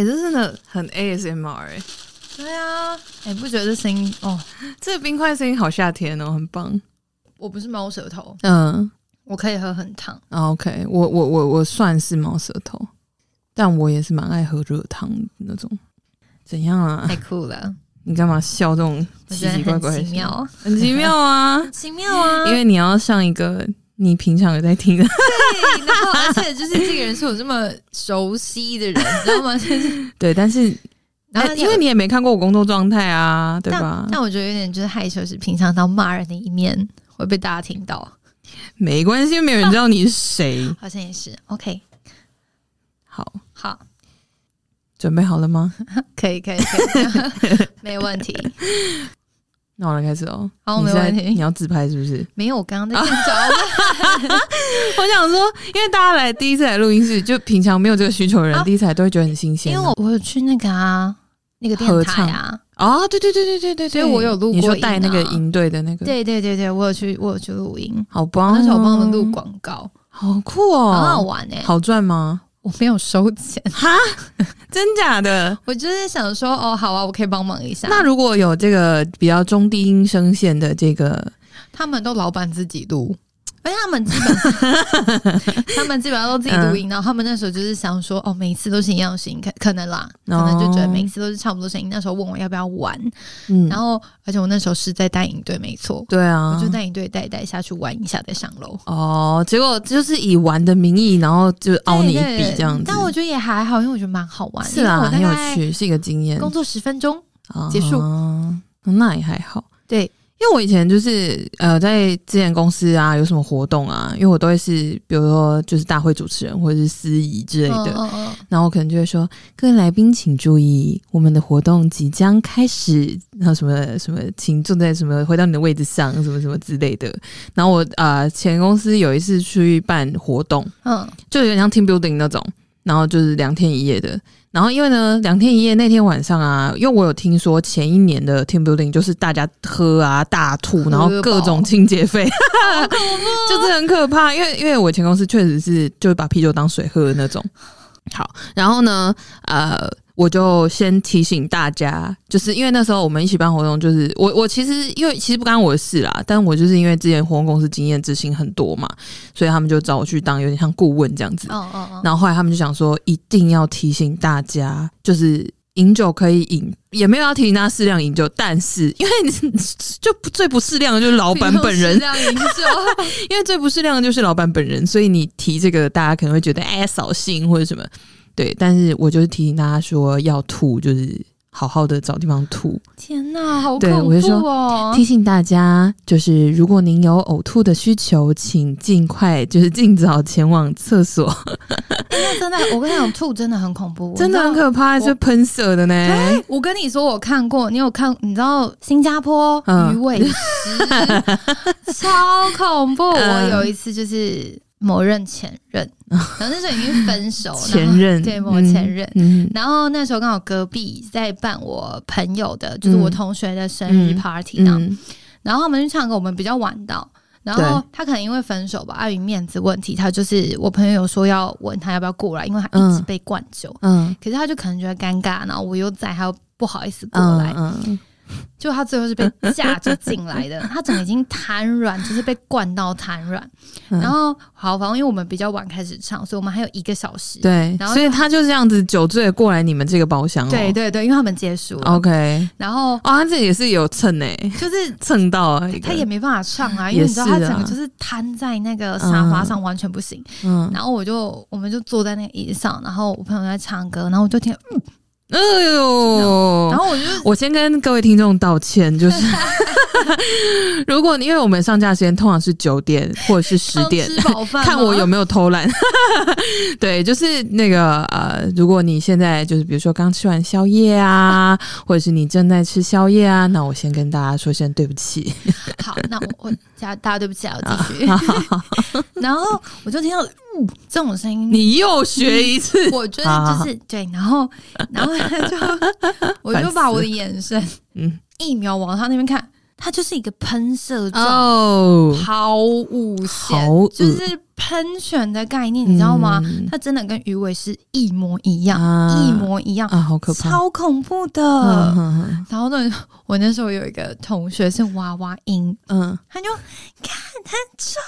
也、欸、是真的很 ASMR 哎、欸，對啊，哎、欸,不覺得這聲音哦,這個、冰塊聲音好夏天哦，很棒。我不是貓舌頭，嗯、呃，我可以喝很燙、啊。OK，我我我我算是貓舌頭，但我也是蠻愛喝熱湯的那種。怎樣啊？太酷了！你幹嘛笑這種奇奇怪怪的？很奇妙，很奇妙啊， 很奇妙啊！因為你要像一個。你平常有在聽的對，然後而且就是這個人是我這麼熟悉的人， 知道嗎、就是？對。但是然後因為你也沒看過我工作狀態啊，對吧那？那我覺得有點就是害羞，是平常當罵人的一面會被大家聽到。沒關係，又沒有人知道你是誰。好像也是。OK，好，好，準備好了嗎？ 可以，可以，可以 沒問題。那、oh, 我、oh, 來開始哦。好，我沒問題。你要自拍是不是？沒有，我剛剛在找。啊、 我想說，因為大家來第一次來錄音室，就平常沒有這個需求的人、啊、第一次來都會覺得很新鮮、啊。因為我我有去那個啊，那個電台啊。啊、哦，對對對對對對，對，對，所以我有錄過音、啊。你說帶那個營隊的那個？對對對對，我有去，我有去錄音，好棒、啊、那時候我幫他們錄廣告，好酷哦，很好，好玩誒、欸，好賺嗎？我沒有收錢哈，真假的？ 我就是想說，哦，好啊，我可以幫忙一下。那如果有這個比較中低音聲線的這個，他們都老板自己錄。但他們基本， 他們基本上都自己讀音，然後他們那時候就是想說，哦，每一次都是一樣的聲音，可可能啦，可能就覺得每一次都是差不多聲音。那時候問我要不要玩？嗯，然後而且我那時候是在帶營隊，沒錯，對啊，我就帶營隊帶一帶下去玩一下，再上樓。哦，結果就是以玩的名義，然後就凹你一筆這樣子，對對對。但我覺得也還好，因為我覺得蠻好玩的。是啊，很有趣，是一個經驗。工作十分鐘結束，那也還好，對。因為我以前就是呃，在之前公司啊，有什麼活動啊，因為我都會是，比如說就是大會主持人或者是司儀之類的，然後我可能就會說，各位來賓請注意，我們的活動即將開始，然後什麼什麼，請坐在什麼，回到你的位置上，什麼什麼之類的。然後我啊、呃、前公司有一次去辦活動，嗯，就有點像 team building 那種，然後就是兩天一夜的。然後因為呢，兩天一夜那天晚上啊，因為我有聽說前一年的 team building 就是大家喝啊，大吐，然後各種清潔費， 就是很可怕。因為因為我前公司確實是就是把啤酒當水喝的那種。好，然後呢，呃。我就先提醒大家，就是因為那時候我們一起辦活動，就是我我其實因為其實不干我的事啦，但我就是因為之前活動公司經驗執行很多嘛，所以他們就找我去當有點像顧問這樣子。嗯嗯嗯。然後後來他們就想說，一定要提醒大家，就是飲酒可以飲，也沒有要提醒大家適量飲酒，但是因為你就最不適量的就是老板本人適量飲酒， 因為最不適量的就是老板本人，所以你提這個，大家可能會覺得哎掃興或者什麼。對，但是我就是提醒大家說，要吐就是好好的找地方吐。天哪、啊，好恐怖、哦對！我就說哦，提醒大家，就是如果您有嘔吐的需求，請盡快就是儘早前往廁所。 但真的，我跟你講，吐真的很恐怖， 真的很可怕，是噴射的呢、欸。我跟你說，我看過，你有看？你知道新加坡、嗯、魚尾獅 超恐怖。我有一次就是。嗯某任前任，然後那時候已經分手了。前任對，某前任、嗯。然後那時候剛好隔壁在辦我朋友的，就是我同學的生日 party、嗯嗯嗯、然後我們去唱歌，我們比較晚到。然後他可能因為分手吧，礙、啊、於面子問題，他就是我朋友有說要問他要不要過來，因為他一直被灌酒。嗯。嗯可是他就可能覺得尷尬，然後我又在，他又不好意思過來。嗯。嗯就他最後是被架着進來的， 他整個已經癱軟，就是被灌到癱軟、嗯。然後，好，反正因為我們比較晚開始唱，所以我們還有一個小時。對，然後所以他就是這樣子酒醉過來你們這個包廂、哦。對對對，因為他們結束。OK。然後他自己、哦、也是有蹭誒、欸，就是蹭到而已，他也沒辦法唱啊，因為你知道他整個就是癱在那個沙發上，完全不行、啊。嗯。然後我就，我們就坐在那個椅子上，然後我朋友在唱歌，然後我就聽。嗯。哎、呃、呦然！然後我就我先跟各位聽眾道歉，就是 如果因為我們上架時間通常是九點或者是十點，吃 看我有沒有偷懶。 對，就是那個呃，如果你現在就是比如說剛吃完宵夜啊，啊，或者是你正在吃宵夜啊，那我先跟大家說聲對不起。好，那我我加大家對不起啊，啊，我繼續然後我就聽到這種聲音，你又學一次，我覺得就是、啊、好好對，然後然後。 就 我就把我的眼神，嗯，一秒往他那邊看，他就是一個噴射狀拋物線，就是噴泉的概念，嗯，你知道嗎？它真的跟魚尾是一模一樣，啊、一模一樣啊，好可怕，超恐怖的。嗯、然後呢，我那時候有一個同學是娃娃音，嗯，他就看他很臭。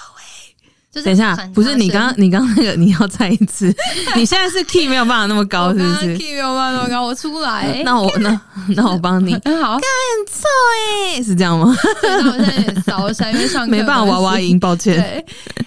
就是、等一下，不是你剛你剛那個你要再一次， 你現在是 key 沒有辦法那麼高， 是不是 key 沒有辦法那麼高？我出不來，那我那那我幫你。好，幹錯誒，是這樣嗎？ 我現在也燒聲因為沒辦法娃娃音，抱歉，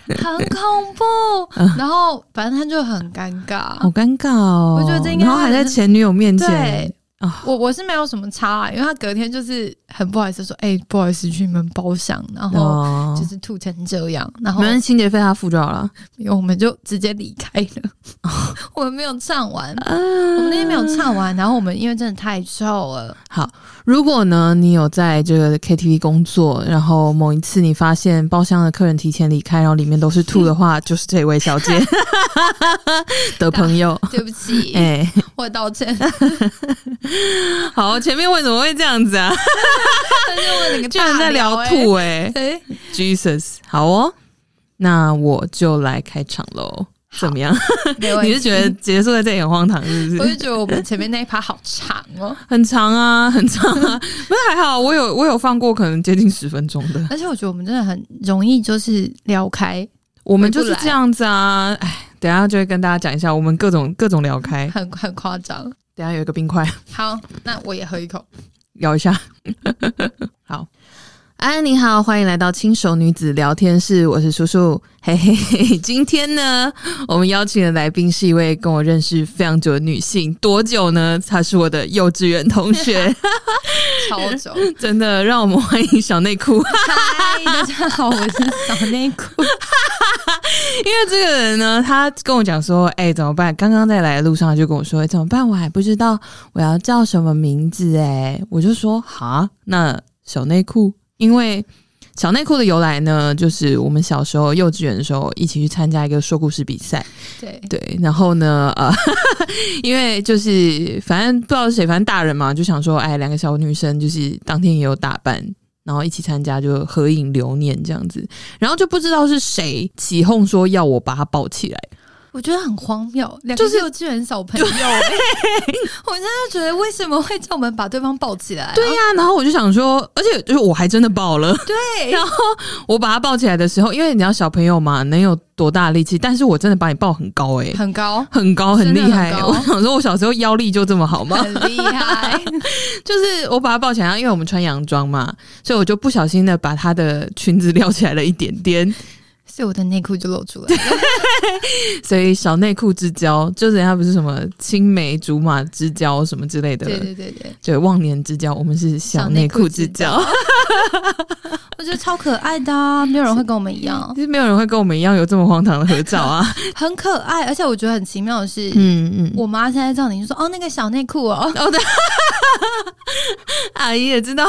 對，很恐怖。 然後反正他就很尷尬，好尷尬哦。我覺得這應該，然後還在前女友面前。對，我我是沒有什麼差、啊，因為他隔天就是。很不好意思說，說、欸、哎，不好意思，去你們包廂，然後就是吐成這樣，然後清潔費他付掉好了，因為我們就直接離開了。 我們沒有唱完，呃，我們那天沒有唱完，然後我們因為真的太臭了。好，如果呢，你有在這個 KTV 工作，然後某一次你發現包廂的客人提前離開，然後裡面都是吐的話，嗯、就是這位小姐 的朋友。對不起，哎、欸，我道歉。 好，前面為什麼會這樣子啊？ 個欸、居然在聊吐，哎、欸！哎、欸、，Jesus，好哦，那我就來開場嘍，怎麼樣？ 你是覺得結束在這裡很荒唐，是不是？我是覺得我們前面那一趴好長哦， 很長啊，很長啊。不 是還好，我有我有放過，可能接近十分鐘的。而且我覺得我們真的很容易就是聊開，我們就是這樣子啊。哎，等一下就會跟大家講一下，我們各種各種聊開，很很誇張。等一下有一個冰塊，好，那我也喝一口。聊一下， 好，哎、啊，你好，歡迎來到輕熟女子聊天室，我是叔叔，嘿嘿，嘿，今天呢，我們邀請的來賓是一位跟我認識非常久的女性，多久呢？她是我的幼稚園同學， 超久重， 真的，讓我們歡迎小內褲。嗨， 大家好，我是小內褲。 因為這個人呢，他跟我講說：“哎、欸，怎麼辦？剛剛在來的路上，他就跟我說、欸：怎麼辦？我還不知道我要叫什麼名字。”哎，我就說：“哈，那小內褲，因為小內褲的由來呢，就是我們小時候幼稚園的時候，一起去參加一個說故事比賽。對對，然後呢，呃，因為就是反正不知道是誰，反正大人嘛，就想說：哎、欸，兩個小女生，就是當天也有打扮。”然後一起參加，就合影留念這樣子，然後就不知道是誰起哄說要我把他抱起來。我覺得很荒謬，就是幼稚園小朋友，就是欸、 我現在覺得為什麼會叫我們把對方抱起來、啊？對呀、啊，然後我就想說，而且就是我還真的抱了。對，然後我把他抱起來的時候，因為你知道小朋友嘛，能有多大的力氣？但是我真的把你抱很高、欸，哎，很高，很高，很厲害，很高。我想說，我小時候腰力就這麼好嗎？很厲害， 就是我把他抱起來，因為我們穿洋裝嘛，所以我就不小心的把他的裙子撩起來了一點點。所以我的內褲就露出來了， 所以小內褲之交，就是他不是什麼青梅竹馬之交什麼之類的，對對對對，對，忘年之交，我們是小內褲之交，之交 我覺得超可愛的、啊，沒有人會跟我們一樣是，其實沒有人會跟我們一樣有這麼荒唐的合照啊， 很可愛，而且我覺得很奇妙的是，嗯嗯，我媽現在叫你，就說，哦那個小內褲哦，我、哦、的 阿姨也知道，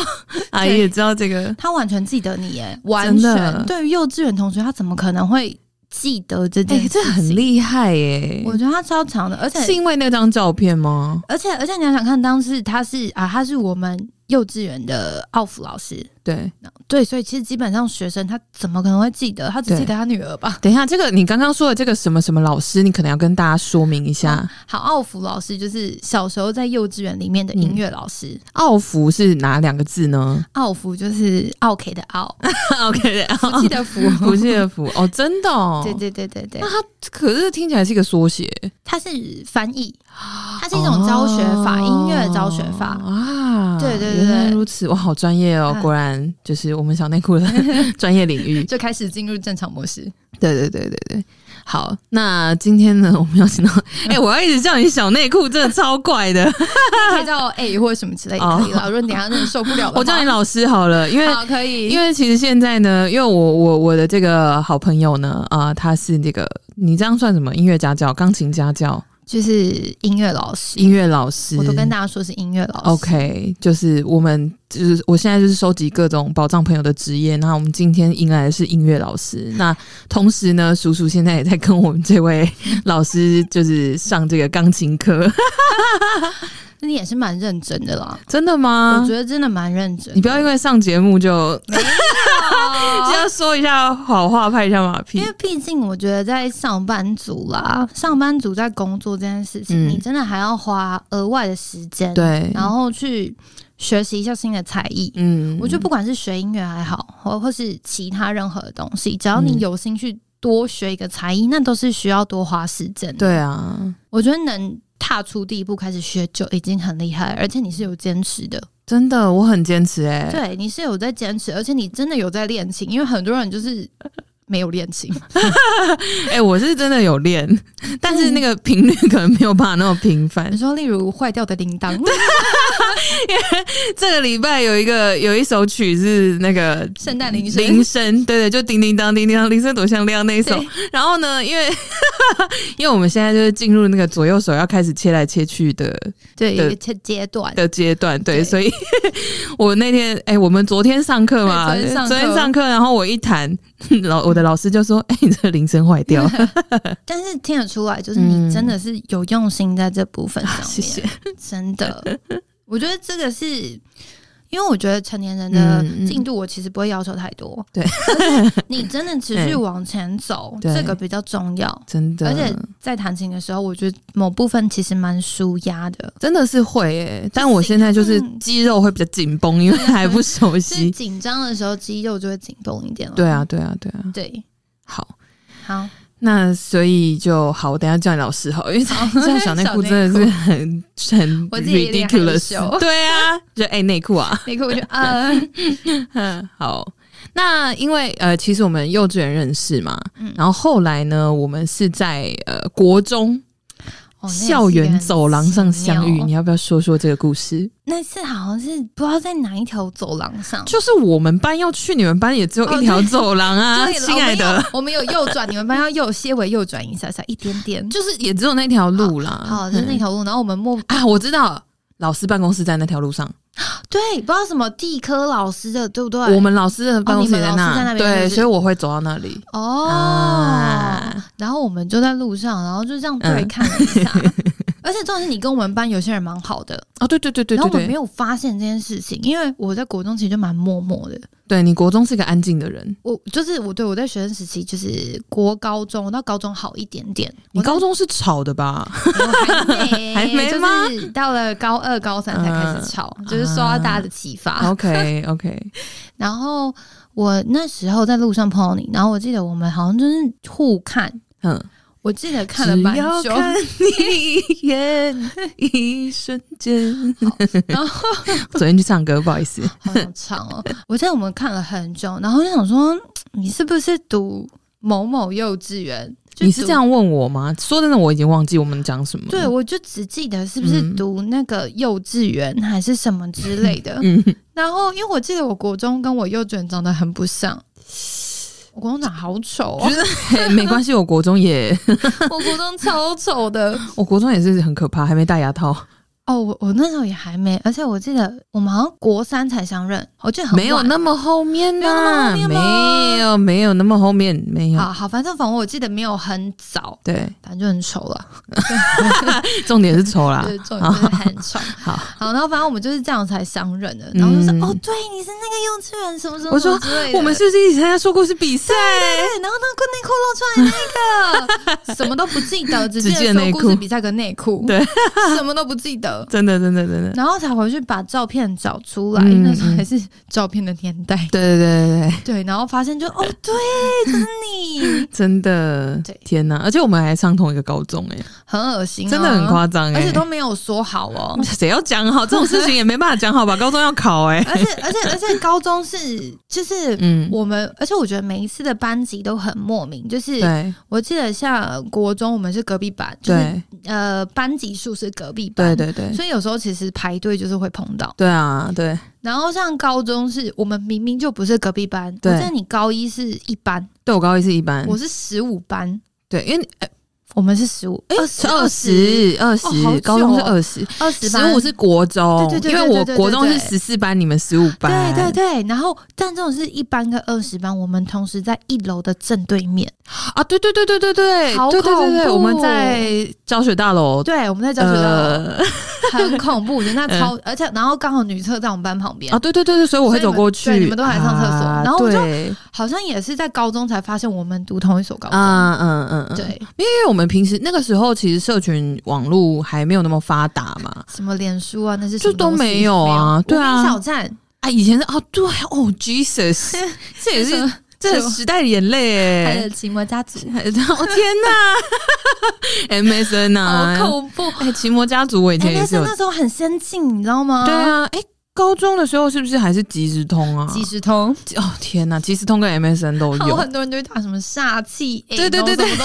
阿姨也知道這個，她完全記得你，耶。完全。對於幼稚園同學，她怎麼？我們可能會記得這件事情、欸？這很厲害耶、欸！我覺得他超長的，而且是因為那張照片嗎？而且，而且你要想看，當時他是啊，他是我們幼稚園的奧福老師。對對，所以其實基本上學生他怎麼可能會記得？他只記得他女兒吧。等一下，這個你剛剛說的這個什麼什麼老師，你可能要跟大家說明一下。嗯、好，奧福老師就是小時候在幼稚園裡面的音樂老師。嗯、奧福是哪兩個字呢？奧福就是奧 K 的奧，OK 的奧，福 記的福， 不記得福記哦，真的、哦？ 對，對對對對對。那他可是聽起來是一個縮寫。他是翻譯，它是一種教學法，哦、音樂教學法啊。對，對對對，原來如此，我好專業哦，嗯、果然。就是我們小內褲的專 業領域，就開始進入正常模式。對對對對對，好，那今天呢，我們要請到，哎、欸，我要一直叫你小內褲，真的超怪的，嗯、 可以叫哎或者什麼之類也、哦、可以等下真的受不了、了，我叫你老師好了，因為好可以，因為其實現在呢，因為我我我的這個好朋友呢，啊、呃，他是那、這個，你這樣算什麼？音樂家教，鋼琴家教。就是音樂老師，音樂老師，我都跟大家說是音樂老師。OK，就是我們就是我現在就是收集各種寶藏朋友的職業。然後我們今天迎來的是音樂老師，那同時呢，叔叔現在也在跟我們這位老師就是上這個鋼琴課。 那你也是蠻認真的啦，真的嗎？我覺得真的蠻認真。你不要因為上節目就 沒有， 就要說一下好話，拍一下馬屁。因為畢竟我覺得，在上班族啦，上班族在工作這件事情，嗯、你真的還要花額外的時間。對，然後去學習一下新的才藝。嗯，我覺得不管是學音樂還好，或或是其他任何東西，只要你有心去多學一個才藝，嗯，那都是需要多花時間的。對啊，我覺得能。踏出第一步開始學就已經很厲害，而且你是有堅持的，真的，我很堅持哎、欸。對，你是有在堅持，而且你真的有在練琴，因為很多人就是。沒有練琴，哎、 欸，我是真的有練，但是那個頻率可能沒有辦法那麼頻繁、嗯。你說，例如壞掉的鈴鐺，哈哈哈因為這個禮拜有一個有一首曲是那個聖誕鈴聲，鈴聲，對，對對，就叮叮當叮叮當，鈴聲多響亮那一首。然後呢，因為哈哈哈因為我們現在就是進入那個左右手要開始切來切去的，對，一個切階段的階段對，對，所以我那天，哎、欸，我們昨天上課嘛，昨天上課，昨天上課然後我一彈。老我的老師就說：“哎、欸，你這個鈴聲壞掉。 ”但是聽得出來，就是你真的是有用心在這部分上面。嗯、真的， 我覺得這個是。因為我覺得成年人的進度，我其實不會要求太多。對、嗯，嗯、但是你真的持續往前走，這個比較重要。真的，而且在彈琴的時候，我覺得某部分其實蠻舒壓的，真的是會誒、欸。但我現在就是肌肉會比較緊繃，因為還不熟悉。緊張的時候，肌肉就會緊繃一點了對、啊。對啊，對啊，對啊，對。好，好。那所以就好，我等一下叫你老師哈，因為這樣小內褲真的是很很 ridiculous 很。對啊，就誒，內、欸、褲啊，內褲我就啊嗯、呃、 好。那因為呃其實我們幼稚園認識嘛、嗯，然後後來呢我們是在呃國中。哦、校園走廊上相遇，你要不要說說這個故事？那次好像是不知道在哪一條走廊上，就是我們班要去你們班也只有一條走廊啊，親、哦、愛的，我們有，我們有右轉， 你們班要右，些，微右轉一下下一點點，就是也只有那條路啦。好的，好就是、那條路、嗯，然後我們默啊，我知道，老師辦公室在那條路上。對，不知道什麼地科老師的，對不對？我們老師的辦公室在那，、哦在那，對、就是，所以我會走到那裡。哦、啊，然後我們就在路上，然後就這樣對看一下。嗯 而且重要是你跟我們班有些人蠻好的哦，對對對對、對，然後我們我沒有發現這件事情，因為我在國中其實就蠻默默的。對，你國中是一個安靜的人？我就是我對我在學生時期就是國高中，我到高中好一點點。你高中是吵的吧？還沒， 還沒嗎？就是、到了高二高三才開始吵，嗯、就是受到大家的啟發、啊。OK OK。 然後我那時候在路上碰到你，然後我記得我們好像就是互看，嗯。我記得看了蠻久，只要看你一眼，一瞬間。 然後昨天去唱歌，不好意思，好，好長哦。我在我們看了很久，然後就想說，你是不是讀某某，某幼稚園？你是這樣問我嗎？說真的，我已經忘記我們講什麼了。對，我就只記得是不是讀那個幼稚園、嗯、還是什麼之類的。嗯、然後因為我記得，我國中跟我幼稚園長得很不像。我國中長好醜啊、哦！我覺得沒關係，我國中也， 我國中超醜的，我國中也是很可怕，還沒戴牙套。哦，我我那時候也還沒，而且我記得我們好像國三才相認，我記得很沒有那麼後面呢、啊，沒有沒有那麼後面、啊、沒有沒有麼後面沒有。好，好，反正反正我記得沒有很早，對，反正就很醜了， 重點是醜啦， 對，重點就是很醜。好，好，然後反正我們就是這樣才相認的，然後就是、嗯、哦，對，你是那個幼稚園什麼什麼、什麼，我說我們是不是一起參加說故事比賽？對對對？然後那個內褲露出來那個， 什麼都不記得，只記得說故事比賽跟內褲， 對， 什麼都不記得。真的，真的，真的，然後才回去把照片找出來，嗯、那時候還是照片的年代。對，對，對，對，對，然後發現就哦，對，真的。 真的，對，天哪！而且我們還上同一個高中、欸，哎，很噁心、啊，真的很誇張，哎，而且都沒有說好哦、喔，誰要講好這種事情也沒辦法講好吧？ 高中要考、欸，哎，而且，而且，而且，高中是就是，嗯，我們，而且我覺得每一次的班級都很莫名，就是，對，我記得像國中我們是隔壁班，就是對，呃，班級數是隔壁班，對，對，對，對。所以有時候其實排隊就是會碰到，對啊，對。然後像高中是我們明明就不是隔壁班，對，但是你高一是一班，對，我高一是一班，我是十五班，對，因為、欸我們是十五、欸，哎、哦，二十二十，高中是二十，二十，十五是國中，對對對，因為我國中是十四班對對對對，你們十五班，對，對對對，然後但這種是一班跟二十班，我們同時在一樓的正對面啊，對對對對對對，好恐怖，對對對。我們在教學大樓，對，我們在教學大樓、呃，很恐怖，人 家超，而且然後剛好女廁在我們班旁邊啊，對對對對，所以我會走過去，所以你，們對啊、對對你們都還上廁所、啊，然後就對好像也是在高中才發現我們讀同一所高中，嗯嗯嗯，對，因為我們。平時那個時候，其實社群網絡還沒有那麼發達嘛，什麼臉書啊，那些就都沒有啊，對啊，小站啊，以前是啊、哦，對哦，Jesus， 這也是 這是時代的眼淚， 還有奇摩家族，我 天哪、啊、 ，MSN 吶、啊，恐怖，哎、 欸，奇摩家族，我以前是、欸、那時候很先進，你知道嗎？對啊，哎、欸。高中的時候是不是還是即時通啊？即時通哦，天吶，即時通跟 MSN 都有。很多人就會打什麼煞氣，對對對對，欸、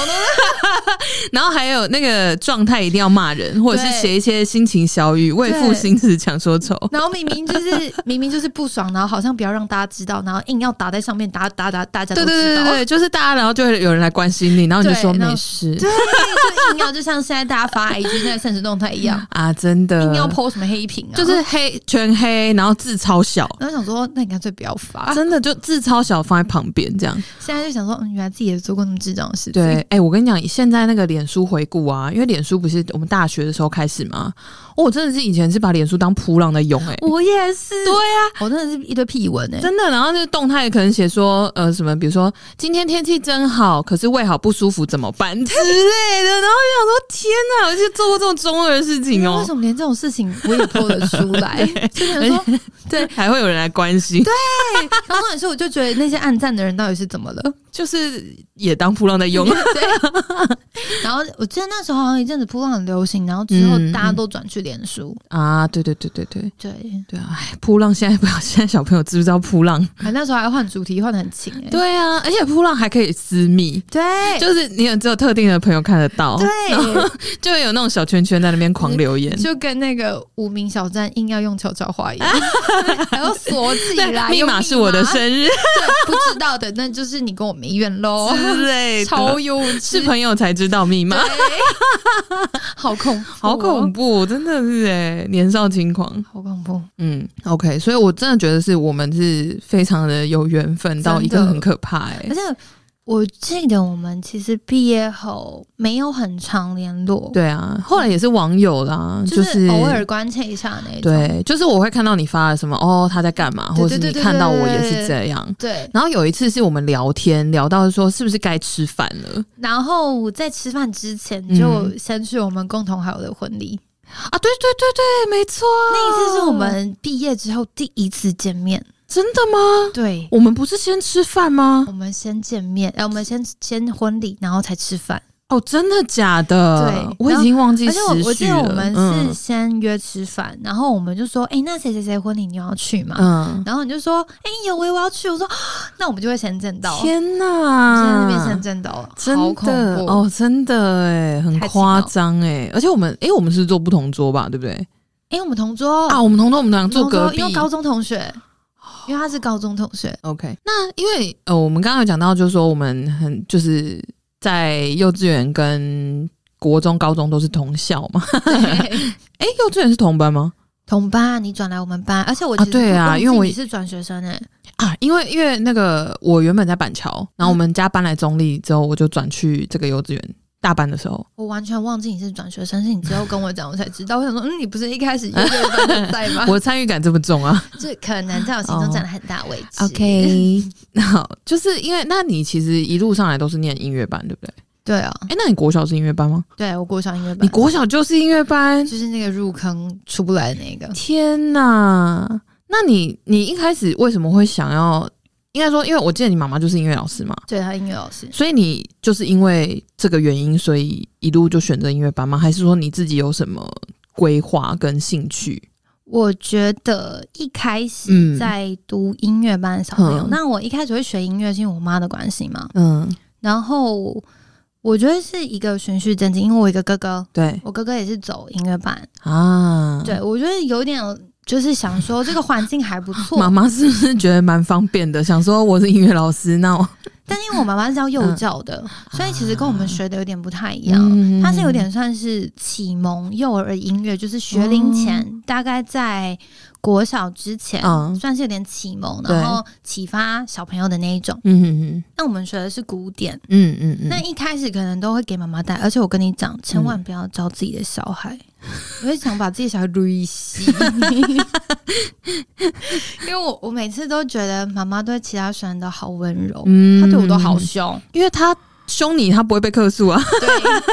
然後還有那個狀態一定要罵人，或者是寫一些心情小語，為賦新詞強說愁。然後明明就是明明就是不爽，然後好像不要讓大家知道，然後硬要打在上面，打打打，大家打打。對,對對對，就是大家，然後就會有人來關心你，然後你就說沒事，對,對,事對,對硬要就像現在大家發 IG 那個限時動態一樣啊，真的硬要 PO 什麼黑屏啊，就是黑全黑。然後字超小，然後想說，那你乾脆不要發，啊，真的就字超小放在旁邊這樣。現在就想說，嗯，原來自己也做過那麼智障的事情。對，哎、欸，我跟你講，現在那個臉書回顧啊，因為臉書不是我們大學的時候開始嗎？我、哦、真的是以前是把臉書當噗浪的用，哎，我也是。對啊，我、哦、真的是一堆屁文哎，欸，真的。然後就是動態可能寫說，呃，什麼，比如說今天天氣真好，可是胃好不舒服怎麼辦之類的。 然後就想說，天吶，我就做過這種中二的事情哦，喔，為，為什麼連這種事情我也做得出來？真 的對，還會有人來關心。 對，然後也是，我就覺得那些按讚的人到底是怎麼了？哦、就是也當噗浪在用。 對然後我記得那時候好像一陣子噗浪很流行，然後之後大家都轉去臉書、嗯嗯。啊，對對對對對對對啊！哎，噗浪現在不知道現在小朋友知不知道噗浪？哎、啊，那時候還換主題換的很勤、欸。對啊，而且噗浪還可以私密。對，就是你只有特定的朋友看得到。對，就有那種小圈圈在那邊狂留言、嗯，就跟那個無名小站硬要用悄悄話一樣。 還要鎖起來，密碼是我的生日， 不知道的 那就是你跟我沒緣嘍，對，超幼是朋友才知道密碼， 好恐怖、哦、好恐怖，真的是哎、欸，年少輕狂，好恐怖，嗯，OK，所以我真的覺得是我們是非常的有緣分到一個很可怕哎、欸，而且。我記得我們其實畢業後沒有很常聯絡，對啊，後來也是網友啦，嗯、就是、就是、偶爾關切一下那種。對，就是我會看到你發了什麼，哦，他在幹嘛，或是你看到我也是這樣。對，對，對，對，對，對，對，對，然後有一次是我們聊天聊到說是不是該吃飯了，然後在吃飯之前就先去我們共同好友的婚禮、嗯、啊，對對對對，沒錯，那一次是我們畢業之後第一次見面。真的嗎？對，我們不是先吃飯嗎？我們先見面，然、呃、我們先先婚禮，然後才吃飯。哦，真的假的？對，我已經忘記了。而且我，我記得我們是先約吃飯、嗯，然後我們就說：“哎、欸，那誰誰誰婚禮你要去嗎？”嗯，然後你就說：“哎、欸、呦，我我要去。”我說：“那我們就會先見到。天啊”天哪！真的變成見到了，真的哦，真的哎，很誇張哎。而且我們，哎、欸，我們是坐不同桌吧？對不對？哎、欸，我們同桌啊，我們同桌，我們兩個坐隔壁，因為高中同學。因為他是高中同學，OK。那因為呃，我們剛剛有講到，就是說我們很就是在幼稚園跟國中、高中都是同校嘛。誒、欸，幼稚園是同班嗎？同班，你轉來我們班，而且我啊對啊，因為我也是轉學生哎、欸。啊，因為因為那個我原本在板橋，然後我們家搬來中壢之後，我就轉去這個幼稚園。大班的時候，我完全忘記你是轉學生，是你之後跟我講，我才知道。 我想說，嗯，你不是一開始音樂班在嗎？ 我參與感這麼重啊，這 可能在我心中佔了很大位置。Oh, OK，那 好，就是因為，那你其實一路上來都是念音樂班，對不對？對啊、哦，誒、欸，那你國小是音樂班嗎？對，我國小音樂班。你國小就是音樂班， 就是那個入坑出不來的那個。天吶，那你你一開始為什麼會想要？應該說，因為我記得你媽媽就是音樂老師嘛，對，她音樂老師，所以你就是因為這個原因，所以一路就選擇音樂班嗎？還是說你自己有什麼規劃跟興趣？我覺得一開始在讀音樂班的小朋友、嗯，那我一開始會學音樂，是因為我媽的關係嘛。嗯，然後我覺得是一個循序漸進，因為我一個哥哥，對我哥哥也是走音樂班啊。對，我覺得有點有。就是想說這個環境還不錯。媽媽是不是覺得蠻方便的？ 想說我是音樂老師，那我……但因為我媽媽是教幼教的、嗯，所以其實跟我們學的有點不太一樣。她、啊嗯、是有點算是啟蒙幼兒音樂，就是學齡前、嗯，大概在國小之前，嗯、算是有點啟蒙，然後啟發小朋友的那一種。嗯嗯嗯。那我們學的是古典。嗯嗯嗯。那一開始可能都會給媽媽帶，而且我跟你講，千萬不要教自己的小孩。我也想把自己小孩捋細，因為我我每次都覺得媽媽對其他學生都好溫柔、嗯，他對我都好兇，因為他凶你，他不會被客訴啊。對，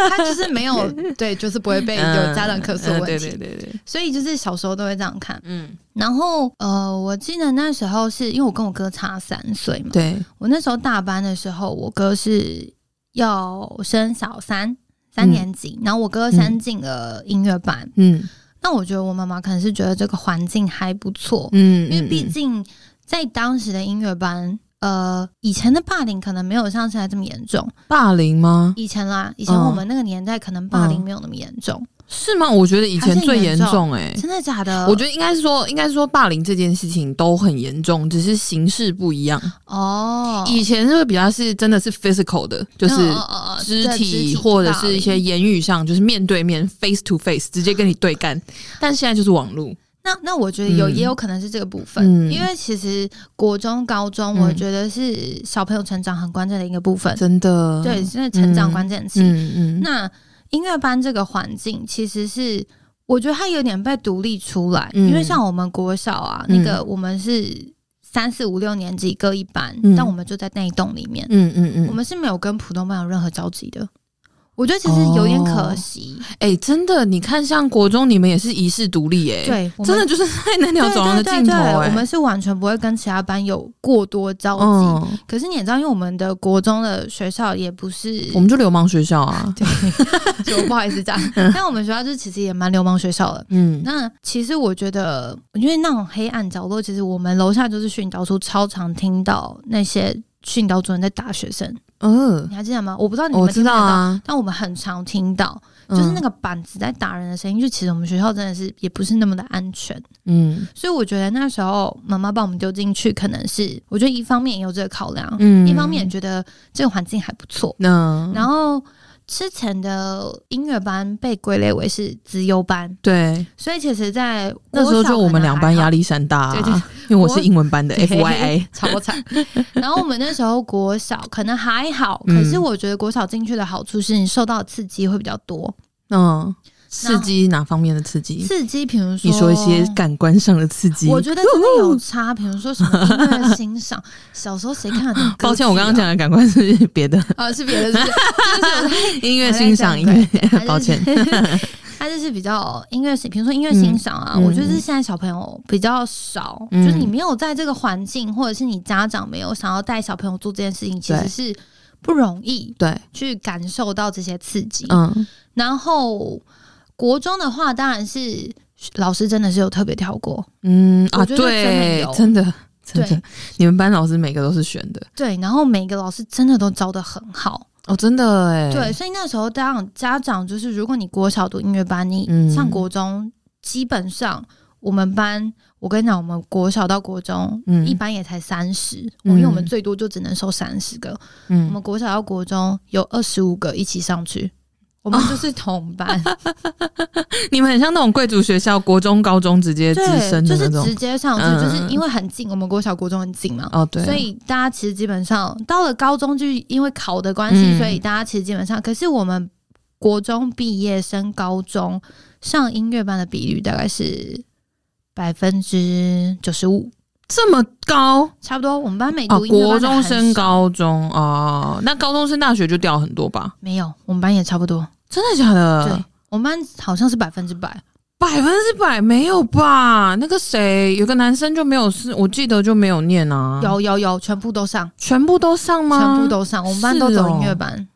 他就是沒有 對，就是不會被有家長客訴的問題、嗯嗯。對對對對，所以就是小時候都會這樣看。嗯，然後呃，我記得那時候是因為我跟我哥差三歲嘛，對，我那時候大班的時候，我哥是要升小三。三年級，然後我哥先進了音樂班。嗯，那、嗯、我覺得我媽媽可能是覺得這個環境還不錯、嗯。嗯，因為畢竟在當時的音樂班，呃，以前的霸凌可能沒有像現在這麼嚴重。霸凌嗎？以前啦，以前我們那個年代可能霸凌沒有那麼嚴重。是嗎？我覺得以前最嚴重哎、欸，真的假的？我覺得應該是說，應該是說，霸凌這件事情都很嚴重，只是形式不一樣哦。以前是比較是真的是 physical 的，就是肢體或者是一些言語上，就是面對面 face to face 直接跟你對幹、啊？但現在就是網絡。那那我覺得有、嗯、也有可能是這個部分，嗯、因為其實國中、高中，我覺得是小朋友成長很關鍵的一個部分，真的對，現、就、在、是、成長關鍵期、嗯。嗯嗯。那音樂班這個環境其實是，我覺得它有點被獨立出來、嗯，因為像我們國小啊，嗯、那個我們是三四五六年級各一班，嗯、但我們就在那一棟裡面、嗯嗯嗯，我們是沒有跟普通班有任何交集的。我覺得其實有點可惜，哎、哦欸，真的，你看像國中，你們也是遺世獨立、欸，哎，對，真的就是太難了，走人的鏡頭，我們是完全不會跟其他班有過多交集、哦。可是你也知道，因為我們的國中的學校也不是，我們就流氓學校啊，對就不好意思講、 嗯，但我們學校就其實也蠻流氓學校的，嗯。那其實我覺得，因為那種黑暗角落，其實我們樓下就是訓導處，超常聽到那些訓導主任在打學生。嗯、哦，你還記得嗎？我不知道你們知道啊。但我們很常聽到，嗯、就是那個板子在打人的聲音。就其實我們學校真的是也不是那麼的安全。嗯，所以我覺得那時候媽媽把我們丟進去，可能是我覺得一方面也有這個考量，嗯，一方面也覺得這個環境還不錯。嗯，然後。之前的音樂班被歸類為是資優班，對，所以其實在，在那時候就我們兩班壓力山大，啊對對對，因為我是英文班的 FYA，超慘。 然後我們那時候國小可能還好， 可是我覺得國小進去的好處是你受到刺激會比較多，嗯。刺激哪方面的刺激？刺激，比如說你說一些感官上的刺激。我覺得真的有差，呃呃，比如說什麼音樂欣賞， 小時候誰看、啊？ 抱歉我剛剛講的，我剛剛講的感官不是別的？啊，是別的是是， 音樂欣賞。音樂，抱歉，他就是， 是比較音樂，比如說音樂欣賞啊。嗯、我覺得現在小朋友比較少，嗯、就是你沒有在這個環境，或者是你家長沒有想要帶小朋友做這件事情，其實是不容易。對，去感受到這些刺激。嗯，然後。國中的話，當然是老師真的是有特別挑過，嗯啊，對，真的真的對，你們班老師每個都是選的，對，然後每個老師真的都教的很好哦，真的哎，對，所以那時候當家長就是，如果你國小讀音樂班，你上國中、嗯，基本上我們班，我跟你講，我們國小到國中，一般也才三十、嗯哦，因為我們最多就只能收三十個、嗯，我們國小到國中有二十五個一起上去。我們就是同班，哈哈哈。 你們很像那種貴族學校，國中、高中直接直升，就是直接上就、嗯、就是因為很近，我們國小、國中很近嘛。哦，對，所以大家其實基本上到了高中，就因為考的關係、嗯，所以大家其實基本上。可是我們國中畢業升高中上音樂班的比率大概是百分之九十五。這麼高？差不多。我們班每讀班、哦、國中升高中，哦，那高中升大學就掉很多吧？沒有，我們班也差不多。真的假的？對，我們班好像是百分之百，百分之百沒有吧？那個誰，有個男生就沒有是，我記得就沒有念啊。有有有，全部都上，全部都上嗎？全部都上，我們班都走音樂班，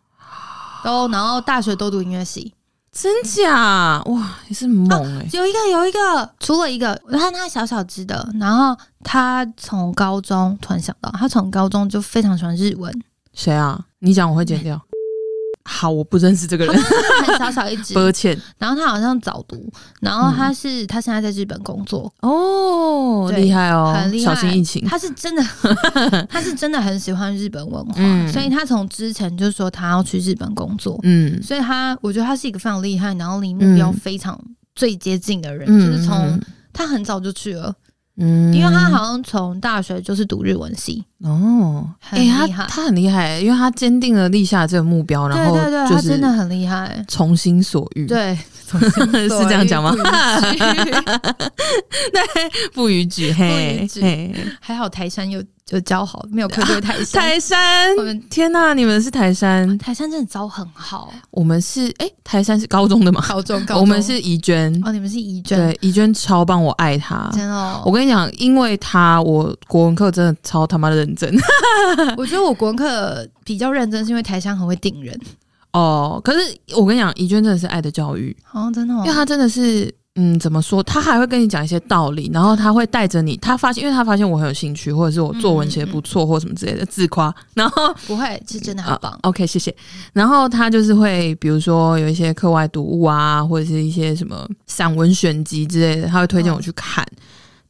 哦、都然後大學都讀音樂系，啊，真假哇？也是猛、欸啊、有一個有一個，除了一個，我看他小小只的，然後他從高中突然想到，他從高中就非常喜歡日文。誰啊？你講我會剪掉。好，我不認識這個人。他很小小一隻，抱 歉。然後他好像早讀，然後他是他現在在日本工作，、嗯、他是他現在在日本工作哦，厲害哦，很厲害。小心疫情。他是真的， 他是真的很喜歡日本文化，嗯、所以他從之前就說他要去日本工作，嗯，所以他我覺得他是一個非常厲害，然後離目標非常最接近的人，嗯、就是從他很早就去了。嗯，因為他好像從大學就是讀日文系哦，很厲害，欸他。他很厲害，因為他堅定了立下這個目標，然後就是對對對，他真的很厲害，從心所欲，對， 是這樣講嗎？ 不逾矩 對，不逾矩，不嘿，嘿，還好台山又。就教好，沒有愧對台山，啊。台山，我天哪，啊！你們是台山，哦，台山真的招很好。我們是誒、欸、台山是高中的嗎？高中，高中，我們是怡娟。哦，你們是怡娟，對，怡娟超棒，我愛她。真的，哦，我跟你講，因為她我國文課真的超他媽的認真。 我覺得我國文課比較認真，是因為台山很會頂人哦。可是我跟你講，怡娟真的是愛的教育哦，真的，哦，因為她真的是。嗯，怎麼說？他還會跟你講一些道理，然後他會帶着你。他發現，因為他發現我很有興趣，或者是我作文寫的不錯、嗯嗯嗯，或什麼之類的自誇。然後不會，這真的很棒、嗯啊。OK，謝謝。然後他就是會，比如說有一些課外讀物啊，或者是一些什麼散文選集之類的，他會推薦我去看。嗯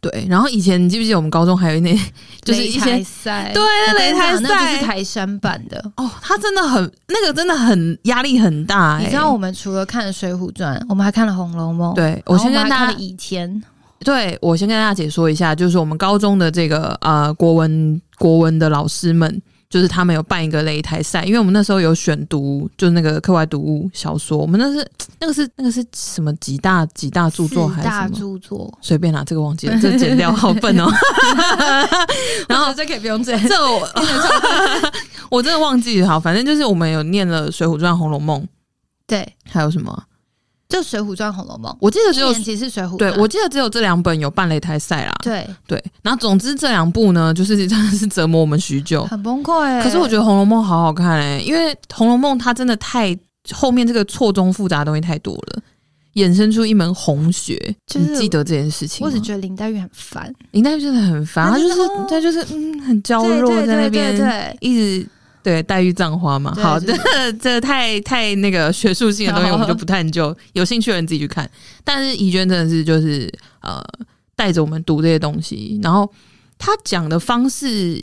對，然後以前你記不記得我們高中還有那，就是一些賽，對擂台賽，那台，啊那個，是台山版的。哦，他真的很，那個真的很壓力很大，欸。你知道我們除了看《水滸傳》，我們還看了《紅樓夢》。對，我先跟大家以前，對我先跟大家解說一下，就是我們高中的這個啊，呃，國文國文的老師們。就是他們有辦一個擂台賽，因為我們那時候有選讀，就是那個課外讀物小說。我們那是那個是那個是什麼幾大幾大著作，還是什麼大著作？隨便啦，這個忘記了，這剪掉，好笨哦。 然後這可以不用剪，這我 我真的忘記了好，反正就是我們有念了《水滸傳》《紅樓夢》，對，還有什麼？就《水滸傳》《紅樓夢》，我記得只有前期是《水滸》，對，我記得只有這兩本有辦擂台賽啦。對對，然後總之這兩部呢，就是真的是折磨我們許久，很崩潰、欸。可是我覺得《紅樓夢》好好看哎、欸，因為《紅樓夢》它真的太後面這個錯綜複雜的東西太多了，衍生出一門紅學、就是。你記得這件事情？我只覺得林黛玉很煩，林黛玉真的很煩，她就，就是她就是嗯很嬌弱，對對對對對對在那邊對一直。對，黛玉葬花嘛，好，的 這太太那個學術性的東西，好好我們就不探究，有興趣的人自己去看。但是怡娟真的是就是呃，帶着我們讀這些東西，然後她講的方式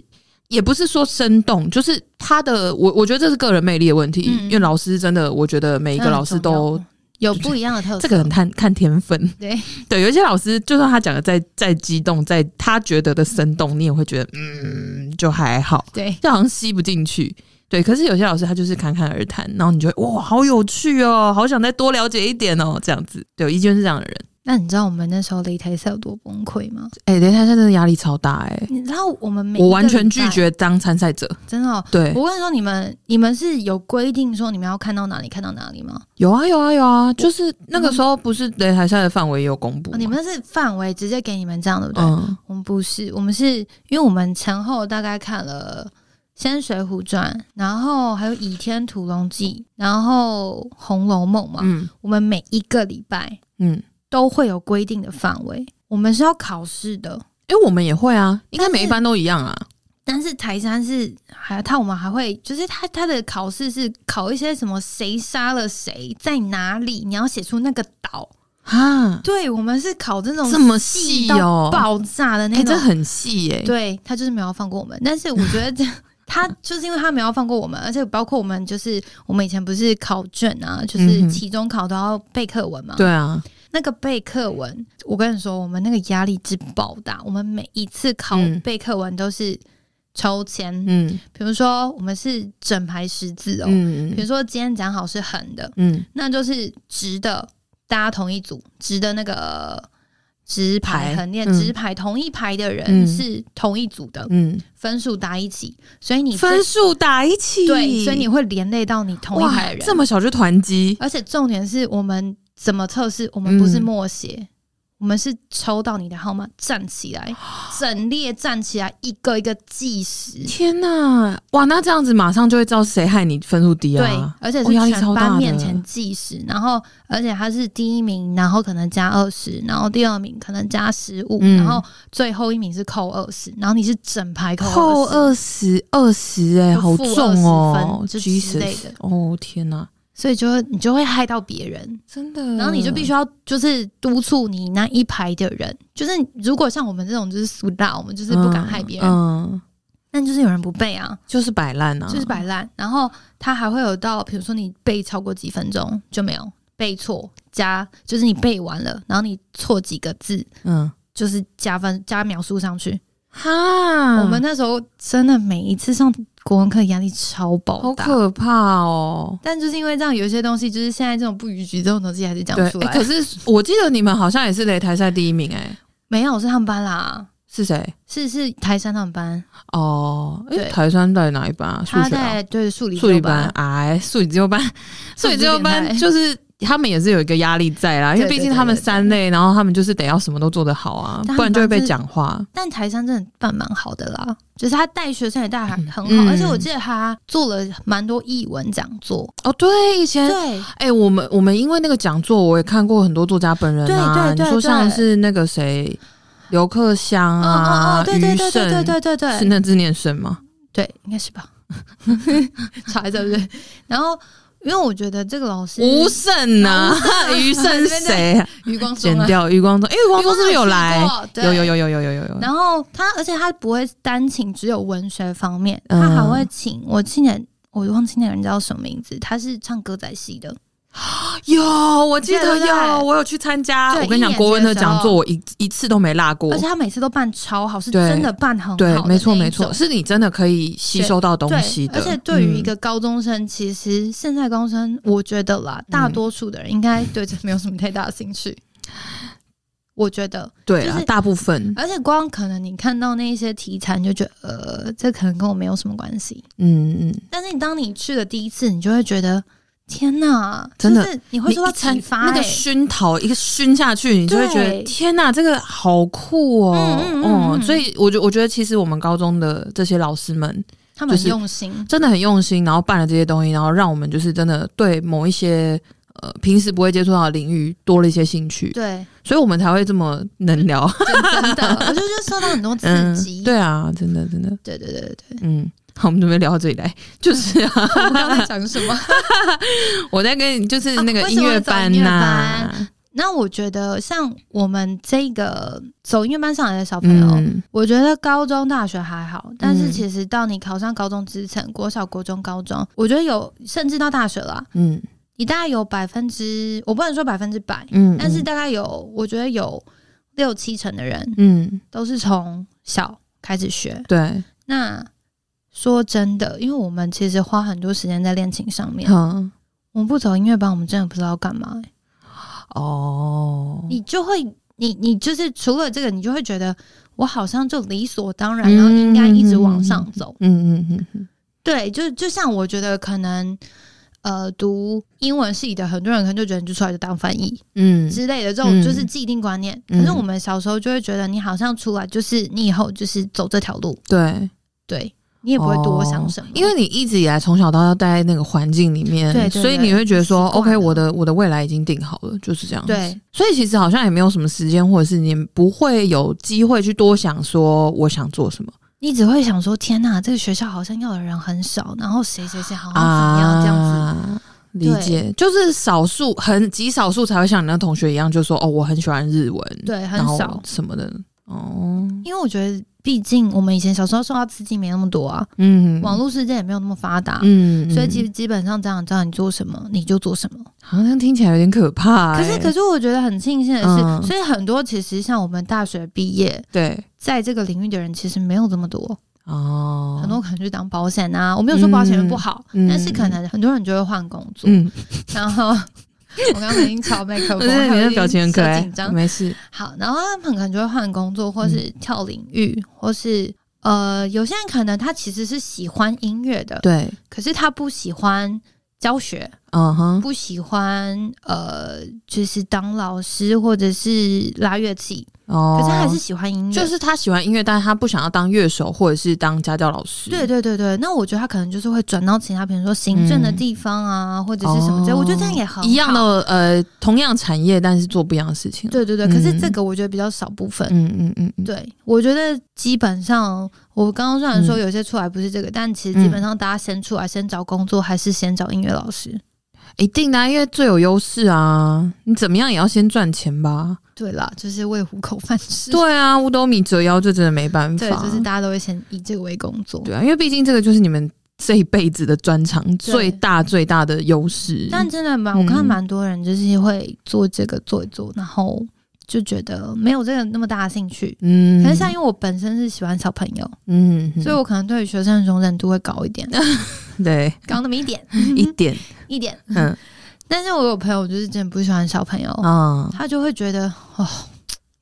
也不是說生動，就是她的我我覺得這是個人魅力的問題。嗯、因為老師真的，我覺得每一個老師都。有不一樣的特質，這個很看看天分。對對，有一些老師就算他講的再再激動，在他覺得的生動，你也會覺得嗯，就還好。對，就好像吸不進去。對，可是有些老師他就是侃侃而談，然後你就會哇，好有趣哦，好想再多了解一點哦，這樣子。對，我依舊是這樣的人。那你知道我們那時候擂台賽有多崩潰嗎？哎、欸，擂台賽真的壓力超大哎、欸！你知道我們沒我完全拒絕當參賽者，真的、喔。對，我跟你說，你們你們是有規定說你們要看到哪裡看到哪裡嗎？有啊有啊有啊！就是那個時候不是擂台賽的範圍有公布、嗯，你們是範圍直接給你們這樣的對不對、嗯？我們不是，我們是因為我們前後大概看了《仙水滸傳》，然後還有《倚天屠龍記》，然後《紅樓夢》嘛。嗯，我們每一個禮拜，嗯。都會有規定的範圍，我們是要考試的。哎、欸，我們也會啊，應該每一班都一樣啊。但是，但是台山是還，還他我們還會，就是他他的考試是考一些什麼？誰殺了誰？在哪裡？你要寫出那個島啊？對，我們是考這種這麼細哦，爆炸的那種、喔欸、的很細誒、欸。對，他就是沒有放過我們，但是我覺得他 就是因為他沒有放過我們，而且包括我們，就是我們以前不是考卷啊，就是期中考都要背課文嘛、嗯。對啊。那個背課文，我跟你說，我們那個壓力之爆大、嗯。我們每一次考背課文都是抽籤，嗯，比如說我們是整排十字哦，嗯嗯，比如說今天講好是橫的，嗯，那就是直的，大家同一組，直的那個直排橫念直排、嗯，同一排的人是同一組的，嗯，分數打一起，所以你分數打一起，對，所以你會連累到你同一排的人，這麼小就團機，而且重點是我們。怎麼測試？我們不是默寫、嗯，我們是抽到你的號碼站起來，整列站起來，一個一個計時。天哪、啊，哇！那這樣子馬上就會知道誰害你分數低了、啊，對，而且是全班面前計時、哦，然後而且他是第一名，然後可能加二十，然後第二名可能加十五、嗯，然後最後一名是扣二十，然後你是整排扣二十，扣二十二十哎，好重哦，幾十的哦，天哪、啊！所以就，就你就會害到別人，真的。然後，你就必須要就是督促你那一排的人。就是，如果像我們這種就是俗辣，我們就是不敢害別人，嗯，但、嗯、就是有人不背啊，就是擺爛啊，就是擺爛。然後，他還會有到，比如說你背超過幾分鐘就沒有背錯加，就是你背完了，然後你錯幾個字，嗯，就是加分加秒數上去。哈，我們那時候真的每一次上。國文課壓力超爆，好可怕哦！但就是因為這樣，有一些東西，就是現在這種不逾矩這種東西，還是講出來對、欸。可是我記得你們好像也是擂台賽第一名、欸，誒沒有，是他們班啦。是誰？是是台山他們班哦。誒、欸、台山在哪一班、啊啊？他在對，數理數理班，哎，數理資優班，數、啊欸、理資優班，班就是。他們也是有一個壓力在啦，因為畢竟他們三類，然後他們就是得要什麼都做得好啊，不然就會被講話。但，但台商真的辦蠻好的啦，啊、就是他帶學生也帶很很好、嗯，而且我記得他做了蠻多藝文講座、嗯、哦。對，以前，哎、欸，我們我們因為那個講座，我也看過很多作家本人、啊。對，對對對，你說像是那個誰劉克襄，客啊、嗯嗯嗯嗯嗯，對對對對對對對，是那字念省嗎？對，應該是吧，查一下對不對？ 然後。因為我覺得這個老師吳勝吶、啊，啊、余勝誰？余光中剪掉，余光中，誒，余光中是不是有來、啊？有有有有有有有有、有。然後他，而且他不會單請只有文學方面、嗯，他還會請我青年我一忘記那個人叫什麼名字，他是唱歌仔戲的。有，我記得有，對對對，我有去參加，對對對。我跟你講，國文的講座，我一一次都沒落過，而且他每次都辦超好，是真的辦很好。對，沒錯，沒錯，是你真的可以吸收到東西的。而且對於一個高中生、嗯，其實現在高中生，我覺得啦，大多數的人應該對這沒有什麼太大的興趣。嗯、我覺得，對、啊就是大部分。而且光可能你看到那一些題材，你就覺得呃，這可能跟我沒有什麼關係。嗯嗯。但是你當你去了第一次，你就會覺得。天吶，真的，就是、你會受到啟發，欸，那個熏陶，一個熏下去，你就會覺得天吶，這個好酷哦、喔，嗯，嗯，嗯哦，所以我覺我覺得其實我們高中的這些老師們，他們很用心，就是、真的很用心，然後辦了這些東西，然後讓我們就是真的對某一些呃平時不會接觸到的領域多了一些興趣，對，所以我們才會這麼能聊，嗯、真的，我覺得就受到很多刺激，嗯，對啊，真的，真的，對對對對對，嗯。我們準備聊到這裡來，就是啊、嗯，剛才講什麼？ 我在跟你，就是那個音樂班吶、啊啊。那我覺得，像我們這個走音樂班上來的小朋友，嗯、我覺得高中、大學還好，但是其實到你考上高中之前，國、嗯、小、國中、高中，我覺得有，甚至到大學了，嗯，你大概有百分之，我不能說百分之百嗯，嗯，但是大概有，我覺得有六七成的人，嗯，都是從小開始學，對，那。說真的，因為我們其實花很多時間在練琴上面。嗯，我們不走音樂班，我們真的不知道幹嘛、欸。哦，你就會，你你就是除了這個，你就會覺得我好像就理所當然，然後應該一直往上走。嗯嗯嗯嗯，對，就就像我覺得，可能呃，讀英文系的很多人可能就覺得，你就出來就當翻譯，嗯之類的這種就是既定觀念、嗯嗯。可是我們小時候就會覺得，你好像出來就是你以後就是走這條路。對對。你也不會多想什麼，哦、因為你一直以來從小到大待在那個環境裡面，對對對對，所以你會覺得說，OK，我的我的未來已經定好了，就是這樣子。對，所以其實好像也沒有什麼時間，或者是你不會有機會去多想說我想做什麼，你只會想說，天哪，這個學校好像要的人很少，然後誰誰誰好像怎麼樣這樣子。啊、嗯、理解，就是少數很極少數才會像你那同學一樣，就說哦，我很喜歡日文，對，很少什麼的。哦，因為我覺得。畢竟我們以前小時候受到刺激沒那麼多啊，嗯，網絡世界也沒有那麼發達，嗯，嗯，所以其實基本上家長叫你做什麼你就做什麼，好像聽起來有點可怕，欸。可是可是我覺得很慶幸的是，嗯，所以很多其實像我們大學畢業，對，在這個領域的人其實沒有這麼多哦，很多可能去當保險啊，我沒有說保險不好，嗯嗯，但是可能很多人就會換工作，嗯，然後。 我剛剛已經吵麥克風，你 的表情很可愛，緊張，沒事。好，然後他們很可能就會換工作，或是跳領域，嗯、或是呃，有些人可能他其實是喜歡音樂的，對，可是他不喜歡教學，嗯、uh、哼 -huh，不喜歡呃，就是當老師，或者是拉樂器。嗯可是他還是喜歡音樂，哦就是他喜歡音樂，但是他不想要當樂手或者是當家教老師。對對對對，那我覺得他可能就是會轉到其他，比如說行政的地方啊，嗯、或者是什麼之類的，哦。我覺得這樣也好，一樣的呃，同樣產業，但是做不一樣的事情。對對對，嗯、可是這個我覺得比較少部分。嗯嗯嗯，嗯，對，我覺得基本上，我剛剛雖然說有些出來不是這個，嗯，但其實基本上大家先出來先找工作，還是先找音樂老師。一、欸、定的、啊，因為最有優勢啊！你怎麼樣也要先賺錢吧？對啦，就是為糊口飯吃。對啊，五斗米折腰就真的沒辦法。對，就是大家都會先以這個為工作。對啊，因為畢竟這個就是你們這一輩子的專長，最大最大的優勢。但真的蠻、嗯，我看蠻多人就是會做這個做一做，然後就覺得沒有這個那麼大的興趣。嗯，可是像因為我本身是喜歡小朋友，嗯，所以我可能對於學生的容忍度會高一點。 對，剛那麼一點， 一點， 一點，嗯。但是我有朋友就是真的不喜歡小朋友，嗯，他就會覺得哦，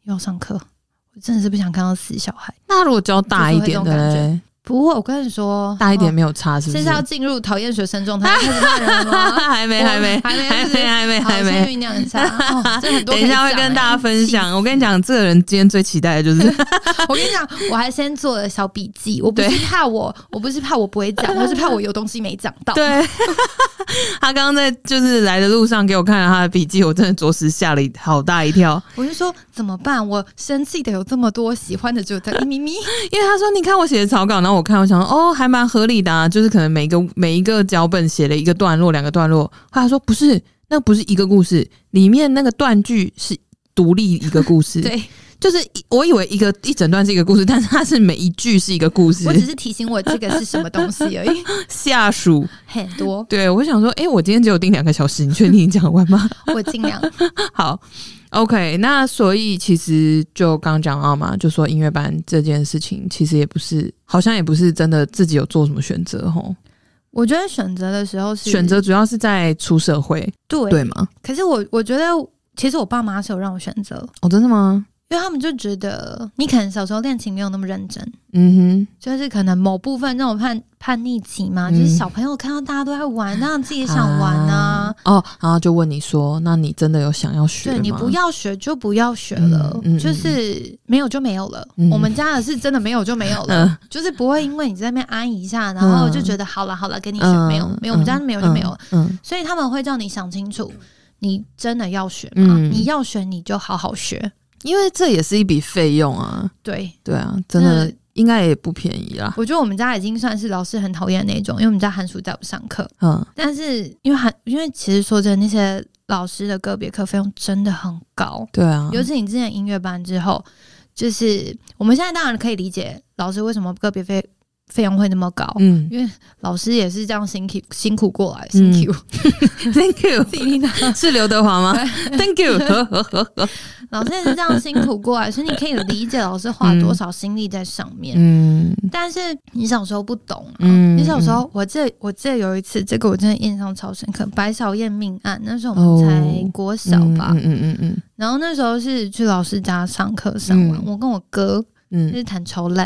要上課，我真的是不想看到死小孩。那如果教大一點的？就是不過我跟你說，大一點沒有差，是不是？哦、現在要進入討厭學生狀態開始罵人嗎？ 還沒，還沒，還沒，還沒，還沒，還沒醞釀一下、 哦這很多。等一下會跟大家分享。 我跟你講，這個人今天最期待的就是 我跟你講，我還先做了小筆記。我不是怕我，我不是怕我不會講，我 是怕我有東西沒講到。 對， 他剛剛在就是來的路上給我看了他的筆記，我真的着實嚇了好大一跳。我就說怎麼辦？我生氣的有這麼多喜歡的只有他。咪咪， 因為他說你看我寫的草稿，然後。我看，我想說哦，還蠻合理的啊，就是可能每一個每一個腳本寫了一個段落，兩個段落。他說不是，那不是一個故事，裡面那個斷句是獨立一個故事。 對。就是我以為一個一整段是一個故事，但是它是每一句是一個故事。我只是提醒我這個是什麼東西而已。 下屬屬很 多，對，我想說，哎、欸，我今天只有定兩個小時，你確定你講完嗎？ 我儘量。好，OK，那所以其實就剛講到嘛，就說音樂班這件事情，其實也不是，好像也不是真的自己有做什麼選擇哦。我覺得選擇的時候是，是選擇主要是在出社會，對對嗎？可是我我覺得，其實我爸媽是有讓我選擇。哦，真的嗎？因為他們就覺得你可能小時候練琴沒有那麼認真，嗯哼，就是可能某部分那種叛叛逆期嘛、嗯，就是小朋友看到大家都在玩，那自己也想玩啊。啊哦，然後、啊、就問你說：“那你真的有想要學嗎？”對，你不要學就不要學了，嗯嗯、就是沒有就沒有了、嗯。我們家的是真的沒有就沒有了，嗯、就是不會因為你在那邊安一下，然後就覺得好了好了，給你學、嗯、沒有、嗯、沒有，我們家沒有就沒有了、嗯嗯，所以他們會叫你想清楚，你真的要學嗎？嗯、你要學，你就好好學。因為這也是一筆費用啊，對對啊，真的，真的應該也不便宜啦。我覺得我們家已經算是老師很討厭的那種，因為我們家寒暑假不上課，嗯，但是因為寒，因為其實說真的，那些老師的個別課費用真的很高，對啊，尤其你進了音樂班之後，就是我們現在當然可以理解老師為什麼個別費。費用會那麼高，嗯，因為老師也是這樣辛苦、嗯、辛苦過來，Thank you，Thank you，是劉德華嗎？Thank you，, 嗎 Thank you. 老師也是這樣辛苦過來，所以你可以理解老師花多少心力在上面，嗯，但是你小時候不懂、啊，嗯，你小時候我這，我記得我記得有一次，這個我真的印象超深刻，白曉燕命案，那時候我們才國小吧，哦、嗯嗯嗯,嗯然後那時候是去老師家上課上完、嗯，我跟我哥，嗯、就是談超爛。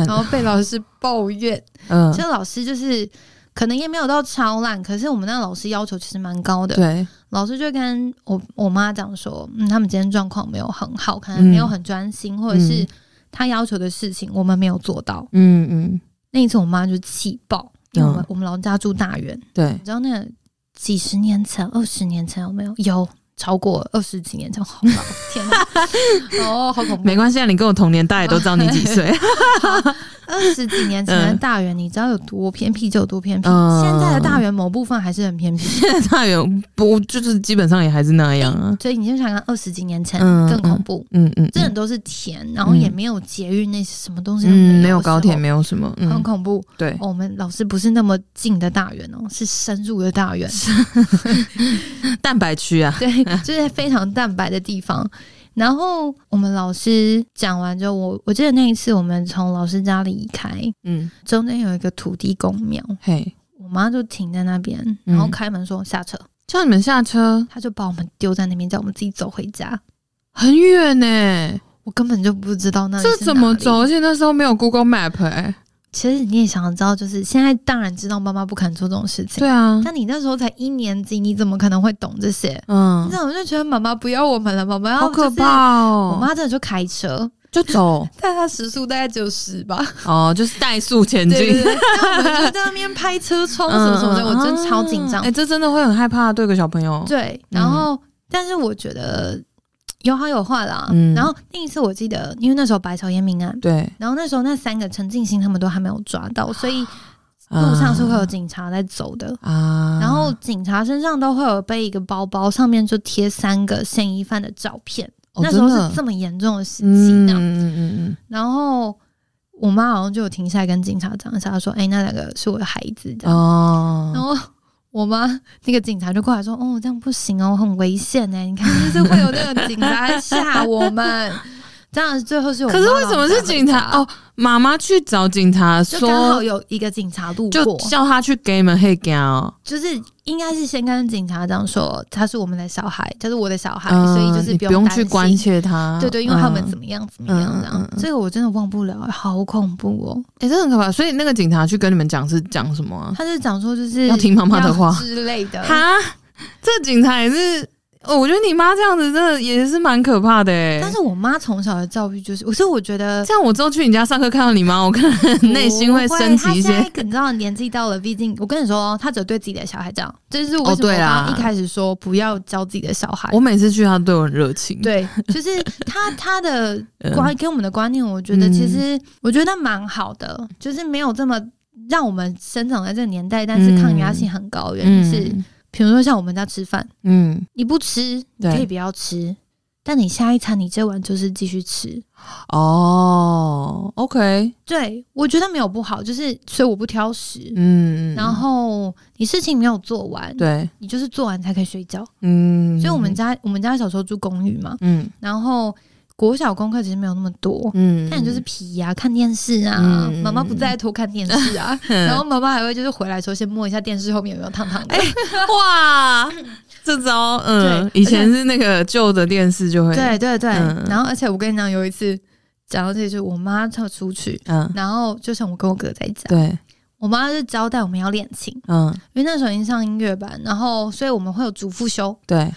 然後被老師抱怨，嗯，這老師就是可能也沒有到超爛，可是我們那老師要求其實蠻高的，對。老師就跟我我媽講說，嗯，他們今天狀況沒有很好，可能沒有很專心，嗯，或者是他要求的事情我們沒有做到，嗯嗯。那一次我媽就氣爆，因為我們，嗯，我們老家住大園，對，你知道那個幾十年前，二十年前有沒有？有。超過二十幾年就好了，天哪！ 哦，好恐怖。沒關係，啊，你跟我同年，大家都知道你幾歲 二十幾年前的大園，呃，你知道有多偏僻就有多偏僻。呃、現在的大園某部分還是很偏僻。現在大園不就是基本上也還是那樣，啊嗯。所以你就想看二十幾年前、嗯、更恐怖。嗯嗯，嗯，真的都是田，然後也沒有捷運、嗯，那些什麼東西沒有。嗯、沒有高鐵，沒有什麼、嗯。很恐怖。對，哦、我們老師不是那麼近的大園哦，是深入的大園， 蛋白區啊。對。 就是非常蛋白的地方，然後我們老師講完之後，我我記得那一次我們從老師家離開，嗯，中間有一個土地公廟，嘿，我媽就停在那邊，然後開門說下車，嗯，叫你們下車，她就把我們丟在那邊，叫我們自己走回家，很遠呢、欸，我根本就不知道那裡是哪裡，這怎麼走，而且那時候沒有 Google Map 哎、欸。其實你也想知道，就是現在當然知道媽媽不肯做這種事情。對啊，但你那時候才一年級，你怎麼可能會懂這些？嗯，那我就覺得媽媽不要我們了，媽媽、就是、好可怕哦！我媽真的就開車就走，但她時速大概九十吧。哦，就是怠速前進，然後我就在那邊拍車窗什麼什麼的，嗯、我真的超緊張。哎、欸，這真的會很害怕，對個小朋友。對，然後、嗯、但是我覺得。有好有壞啦，嗯，然後那一次我記得，因為那時候白曉燕命案，對，然後那時候那三個陳進興他們都還沒有抓到，所以路上是會有警察在走的啊，然後警察身上都會有背一個包包，上面就貼三個嫌疑犯的照片。哦，那時候是這麼嚴重的事情呢，嗯嗯嗯，然後我媽好像就有停下來跟警察講一下，她說哎，欸，那兩個是我的孩子，這樣哦。然後我媽，那個警察就過來說：“哦，這樣不行哦，很危險欸！你看，就是會有那個警察嚇我們， 這樣最後是有。”可是為什麼是警察？哦，媽媽去找警察說，剛好有一個警察路過，就叫他去給你們黑、哦、就是。應該是先跟警察這樣說，他是我們的小孩，他、就是我的小孩、嗯，所以就是不用，不用去關切他。對，對對，因為他們怎麼樣、嗯、怎麼樣這樣、嗯嗯，所以我真的忘不了，好恐怖哦，也、欸、這很可怕。所以那個警察去跟你們講是講什麼、啊？他是講說就是要聽媽媽的話之類的。哈，這警察也是。哦，我覺得你媽這樣子真的也是蠻可怕的哎、欸。但是我媽從小的教育就是，我是我覺得，像我之後去你家上課看到你媽，我可能內心會升級一些。我你知道，年紀到了，畢竟我跟你說，她只對自己的小孩這樣，就是為什麼我。對啊。一開始說不要教自己的小孩，我每次去她都很熱情。對，就是她她的觀、嗯、跟我們的觀念，我覺得其實、嗯、我覺得蠻好的，就是沒有這麼讓我們生長在這個年代，但是抗壓性很高，嗯、原因是。比如說像我們家吃飯，嗯，你不吃，你可以不要吃，但你下一餐你這碗就是繼續吃。哦，OK，對，我覺得沒有不好，就是所以我不挑食，嗯，然後你事情沒有做完，對，你就是做完才可以睡覺，嗯。所以我們家我們家小時候住公寓嘛，嗯，然後。國小功課其實沒有那麼多，嗯，看你就是皮呀、啊，看電視啊，媽、嗯、媽不在偷看電視啊，嗯、然後媽媽還會就是回來時候先摸一下電視後面有沒有燙燙的、欸，哇， 這招，嗯對，以前是那個舊的電視就會，對對對、嗯，然後而且我跟你講，有一次講到這，就是我媽她要出去，嗯，然後就像我跟我哥哥在家，對，我媽就交代我們要練琴，嗯，因為那時候已經上音樂班，然後所以我們會有主副修，對。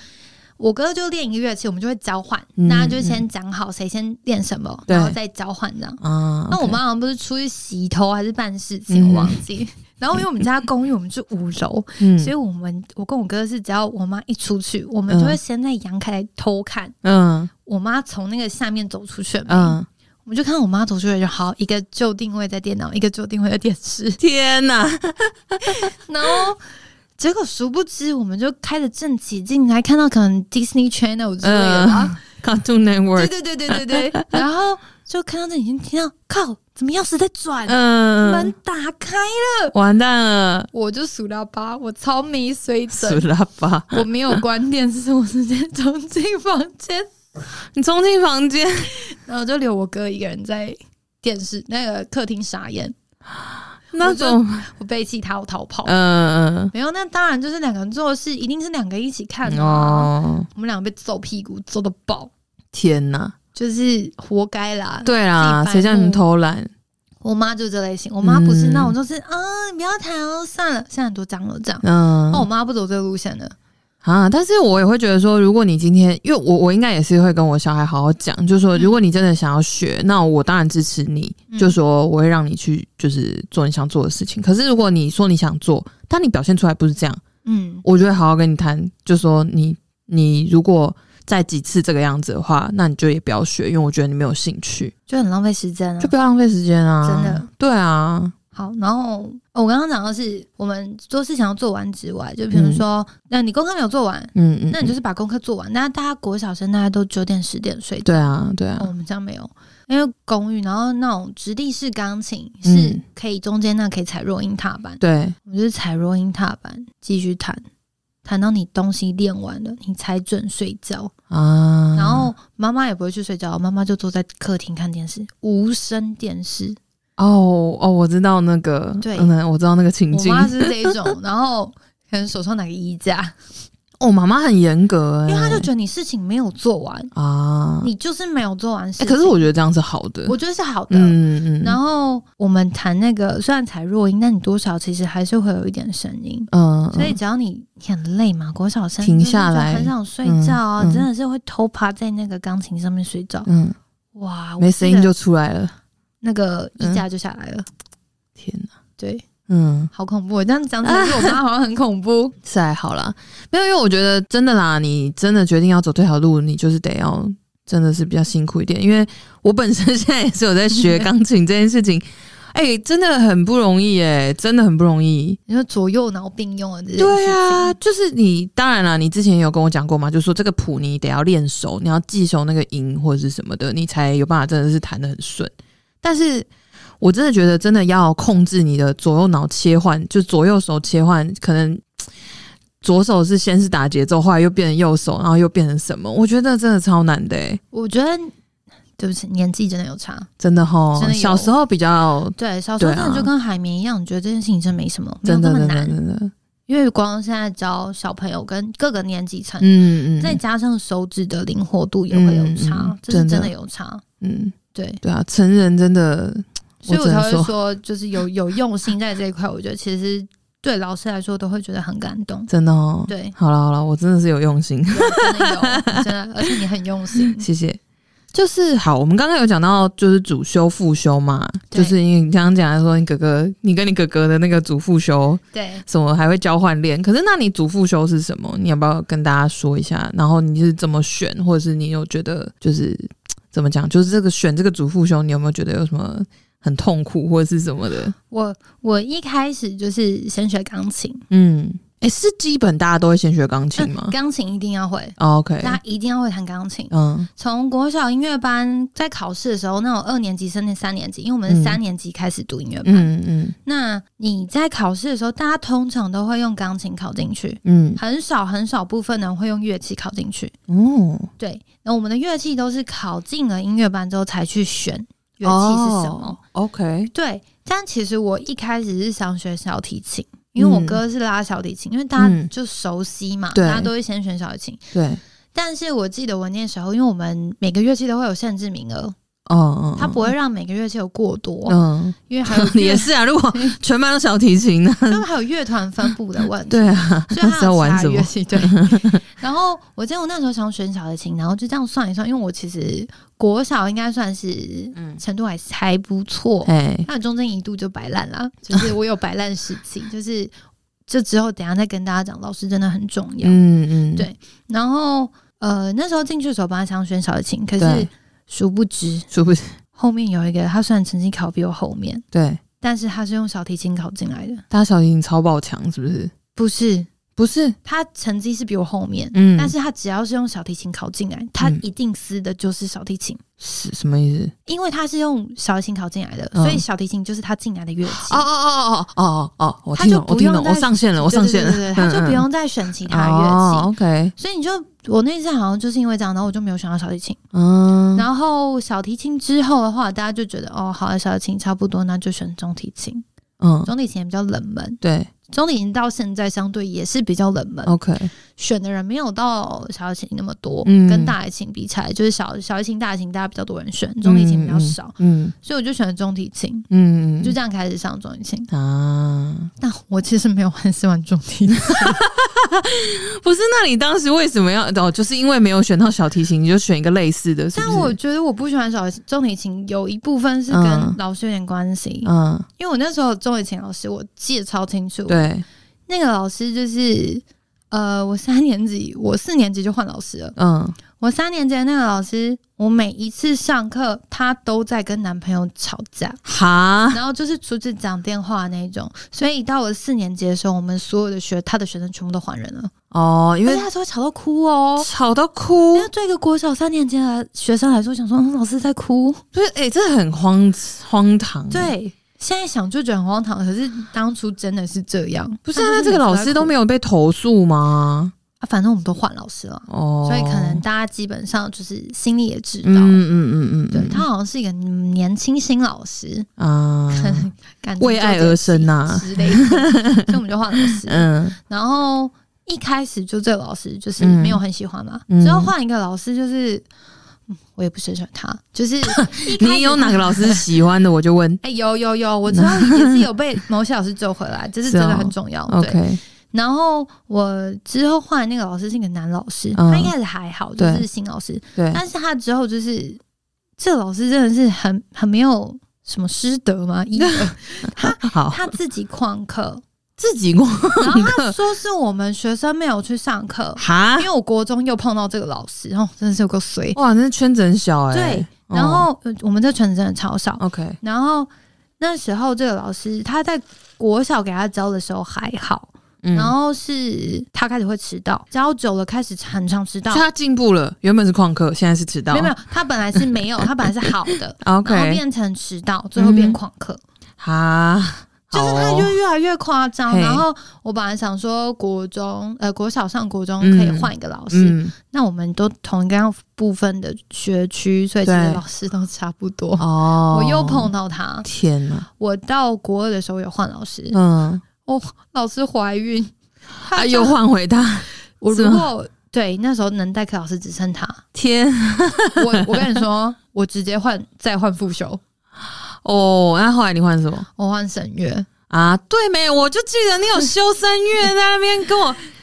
我哥就練一個樂器，我們就會交換、嗯。那就先講好誰先練什麼，然後再交換這樣。那、嗯 okay、我媽好像不是出去洗頭還是辦事情，嗯、我忘記、嗯。然後因為我們家公寓 我們是五樓，所以我們我跟我哥是只要我媽一出去，嗯、我們就會先在陽台來偷看。嗯，我媽從那個下面走出去，我們就看到我媽走出去，就好一個就定位在電腦，一個就定位在電視。天哪 然後……結果，殊不知，我們就開着正起進來，看到可能 Disney Channel 之類的啊、uh,，Cartoon Network。對對對對對，對然後就看到這已經聽到，靠，怎麼鑰匙在轉、啊？嗯、uh,，門打開了，完蛋了！我就數到八，我超沒水準，數到八，我沒有關電視， 我直接衝進房間。你衝進房間， 然後就留我哥一個人在電視那個客廳傻眼。那種我背棄他，我逃跑。嗯、呃，嗯，沒有，那當然就是兩個人做的事，一定是兩個一起看哦、呃。我們兩個被揍屁股，揍得爆。天哪，就是活該啦！對啦，誰叫你偷懶？我媽就這類型，我媽不是那種，就是、嗯、啊，你不要彈哦，算了，現在很多張了，這樣。嗯、呃，那、啊、我媽不走這個路線的。啊，但是我也會覺得說，如果你今天，因為我我應該也是會跟我小孩好好講，就說如果你真的想要學，嗯、那我當然支持你，嗯、就說我會讓你去，就是做你想做的事情。可是如果你說你想做，但你表現出來不是這樣，嗯，我就會好好跟你談，就說你你如果再幾次這個樣子的話，那你就也不要學，因為我覺得你沒有興趣，就很浪費時間啊，就不要浪費時間啊，真的，對啊。好，然後我剛剛講的是我們做事情要做完之外，就比如說，那、嗯、你功課沒有做完，嗯嗯，那你就是把功課做完。那、嗯嗯、大家國小生，大家都九點十點睡覺，對啊對啊。我們家沒有，因為公寓，然後那種直立式鋼琴是可以中間那可以踩弱音踏板，對、嗯、我們就是踩弱音踏板繼續彈，彈到你東西練完了，你才准睡覺啊。然後媽媽也不會去睡覺，媽媽就坐在客廳看電視，無聲電視。哦哦，我知道那個，對，嗯、我知道那個情境。我媽是這一種， 然後可能手上拿個衣架。哦，媽媽很嚴格、欸，因為他就覺得你事情沒有做完啊，你就是沒有做完事情。哎、欸，可是我覺得這樣是好的，我覺得是好的。嗯嗯。然後我們彈那個，雖然才弱音，但你多少其實還是會有一點聲音嗯。嗯。所以只要你很累嘛，國小生停下來很想睡覺啊，啊、嗯嗯，真的是會偷趴在那個鋼琴上面睡覺。嗯。哇，沒聲音就出來了。那個衣架就下來了，天、嗯、哪！對，嗯，好恐怖、欸。這樣講起來，我媽好像很恐怖。啊、呵呵是、啊，好啦，沒有，因為我覺得真的啦，你真的決定要走這條路，你就是得要真的是比較辛苦一點。因為我本身現在也是有在學鋼琴這件事情，哎、欸，真的很不容易、欸，哎，真的很不容易。你說左右腦並用的這，對啊，就是你。當然了，你之前有跟我講過嘛，就說這個譜你得要練熟，你要記熟那個音或者是什麼的，你才有辦法真的是彈得很順。但是我真的覺得，真的要控制你的左右腦切換，就左右手切換，可能左手是先是打節奏，後來又變成右手，然後又變成什麼？我覺得真的超難的欸。我覺得對不起，年紀真的有差，真的哈。小時候比較對，小時候真的就跟海綿一樣、啊，覺得這件事情真的沒什麼，沒有那麼難。真的，真的，真的，因為光現在教小朋友跟各個年紀層，嗯嗯，再加上手指的靈活度也會有差，嗯嗯，有差，真的真的有差，嗯。對對啊，成人真的，所以我才會說，說就是有有用心在這一塊。我覺得其實對老師來說都會覺得很感動，真的哦。對，好了好了，我真的是有用心，真的， 真的，而且你很用心，謝謝。就是好，我們剛剛有講到，就是主修副修嘛，就是因為你剛剛講說你哥哥，你跟你哥哥的那個主副修，對，什麼還會交換練。可是那你主副修是什麼？你要不要跟大家說一下？然後你是怎麼選，或者是你有覺得就是？怎麼講？就是這個選這個主副修，你有沒有覺得有什麼很痛苦或者是什麼的？我我一開始就是先學鋼琴，嗯。欸、是基本大家都會先學鋼琴嗎？鋼琴一定要會，嗯，Oh, OK，大家一定要會彈鋼琴。嗯，從國小音樂班在考試的時候，那我二年級升進三年級，因為我們是三年級開始讀音樂班。嗯嗯，那你在考試的時候，大家通常都會用鋼琴考進去。嗯，很少很少部分人會用樂器考進去。哦、嗯，對，那我們的樂器都是考進了音樂班之後才去選樂器是什麼。Oh, OK，對。但其實我一開始是想學小提琴。因為我哥是拉小提琴，嗯，因為大家就熟悉嘛，嗯，大家都會先選小提琴。對，但是我記得我那時候，因為我們每個樂器都會有限制名額。哦，他不會讓每個樂器有過多，嗯，因為還有也是啊，如果全班都小提琴呢， 他們還有樂團分布的問題，對啊，所以要玩什麼樂器 對。然後我記得我那時候想選小提琴，然後就這樣算一算，因為我其實國小應該算是程度還還不錯，哎、嗯，但中間一度就擺爛了，就是我有擺爛的事情，就是就之後等一下再跟大家講，老師真的很重要，嗯嗯，對。然後呃，那時候進去的時候本來想選小提琴，可是。殊不知，殊不知，後面有一個他，雖然成績考比我後面對，但是他是用小提琴考進來的。他小提琴超爆強，是不是？不是，不是，他成績是比我後面，嗯，但是他只要是用小提琴考進來，他一定撕的就是小提琴。嗯、是什麼意思？因為他是用小提琴考進來的、嗯，所以小提琴就是他進來的樂器。哦哦哦哦哦哦哦，他、哦哦、就不用再我,我上線了，我上線了，他就不用再選其他樂器。嗯嗯哦、OK，所以你就。我那次好像就是因為這樣，然後我就沒有選到小提琴。嗯，然後小提琴之後的話，大家就覺得哦，好的啊，小提琴差不多，那就選中提琴。嗯，中提琴也比較冷門。對。中提琴到現在相對也是比較冷門，OK，選的人沒有到小提琴那麼多。嗯，跟大提琴比起來，就是小小提琴、大提琴，大家比較多人選，中提琴比較少嗯。嗯，所以我就選了中提琴。嗯，就這樣開始上中提琴啊。但我其實沒有很喜歡中提琴， 不是？那你當時為什麼要？哦，就是因為沒有選到小提琴，你就選一個類似的是不是？但我覺得我不喜歡小中提琴，有一部分是跟老師有點關係，嗯。嗯，因為我那時候中提琴老師我記得超清楚。對。對，那個老師就是，呃，我三年級，我四年級就換老師了。嗯，我三年級的那個老師，我每一次上課，他都在跟男朋友吵架，哈，然後就是阻止講電話那種。所以一到我四年級的時候，我們所有的學他的學生全部都換人了。哦，因為他說吵到哭哦，吵到哭。那對一個國小三年級的學生來說，想說老師在哭，所以哎，這很荒荒唐、欸。對。現在想就覺得很荒唐，可是當初真的是這樣。嗯、不是啊，這個老師都沒有被投訴嗎？啊？反正我們都換老師了，哦，所以可能大家基本上就是心裡也知道，嗯嗯嗯嗯，對他好像是一個年輕新老師啊，嗯，感覺為愛而生吶、啊、之類的，所以我們就換老師。嗯，然後一開始就這個老師就是沒有很喜歡嘛，只、嗯、要換一個老師就是。我也不是很喜歡他，就是他 你有哪個老師喜歡的，我就問。哎、欸，有有有，我知道也是 有被某些老師救回來，這是真的很重要。哦、對、okay。然後我之後換的那個老師是一個男老師，嗯、他一開始還好，對、就，是新老師，對。但是他之後就是，這個、老師真的是很很沒有什麼師德嗎？一個 他他他自己曠課。自己過，然後他說是我們學生沒有去上課哈，因為我國中又碰到這個老師，哦，真的是有夠衰哇，那圈子很小哎、欸。對，然後、哦、我們這圈子真的超少，OK。然後那時候這個老師他在國小給他教的時候還好，嗯、然後是他開始會遲到，教久了開始很常遲到，他進步了，原本是曠課，現在是遲到，沒有，沒有，他本來是沒有， 他本來是好的、okay. 然後變成遲到，最後變曠課、嗯，哈。就是他就越，越來越誇張，然後我本來想說國中，呃國小上國中可以換一個老師、嗯嗯，那我們都同一個部分的學區，所以其實老師都差不多哦。我又碰到他，天哪！我到國二的時候有換老師，嗯，我老師懷孕，他、啊、又換回他。我如果對那時候能代課老師只剩他，天， 我我跟你說，我直接換再換副修。哦，那後來你換什麼？我換聲樂啊，對沒？我就記得你有修聲樂在那邊跟我。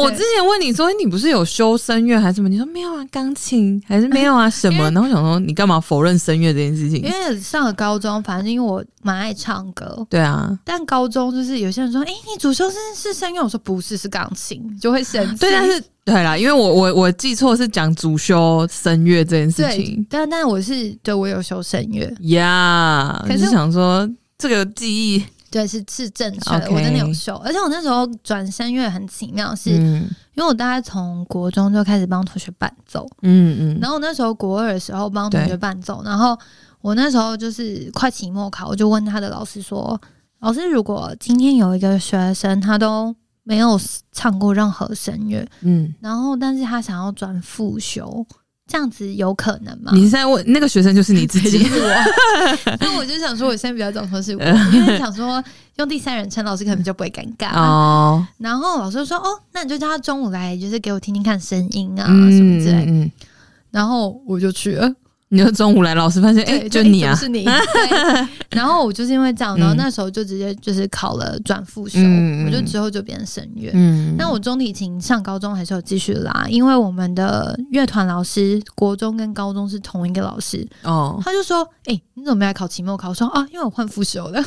我之前問你說，你不是有修聲樂還是什麼？你說沒有啊，鋼琴還是沒有啊什麼？然後想說你幹嘛否認聲樂這件事情？因為上了高中，反正因為我蠻愛唱歌，對啊。但高中就是有些人說，哎、欸，你主修是是聲樂？我說不是，是鋼琴。就會生對，但是對啦，因為我我我記錯是講主修聲樂這件事情。對，但但我是對我有修聲樂呀。Yeah, 可是，就是想說這個記憶。對，是是正確的，Okay. 我真的有修，而且我那時候轉聲樂很奇妙，是因為我大概從國中就開始幫同學伴奏，嗯嗯，然後我那時候國二的時候幫同學伴奏，然後我那時候就是快期末考，我就問他的老師說：“老師，如果今天有一個學生他都沒有唱過任何聲樂，嗯，然後但是他想要轉副修。”這樣子有可能嗎？你現在問那個學生就是你自己， 啊、所以我就想說我現在比較講說是我，嗯，因為想說用第三人稱老師可能就不會尷尬，嗯、然後老師說哦，那你就叫他中午來，就是給我聽聽看聲音啊，嗯、什麼之類的，嗯嗯。然後我就去了。你就中午來，老師發現，哎、欸，就你啊，欸、是你。然後我就是因為這樣，然後那時候就直接就是考了轉副修、嗯，我就之後就變成聲樂。嗯，那我中提琴上高中還是有繼續拉，因為我們的樂團老師，國中跟高中是同一個老師。哦，他就說，哎、欸，你怎麼沒來考期末考？我考說，啊，因為我換副修了。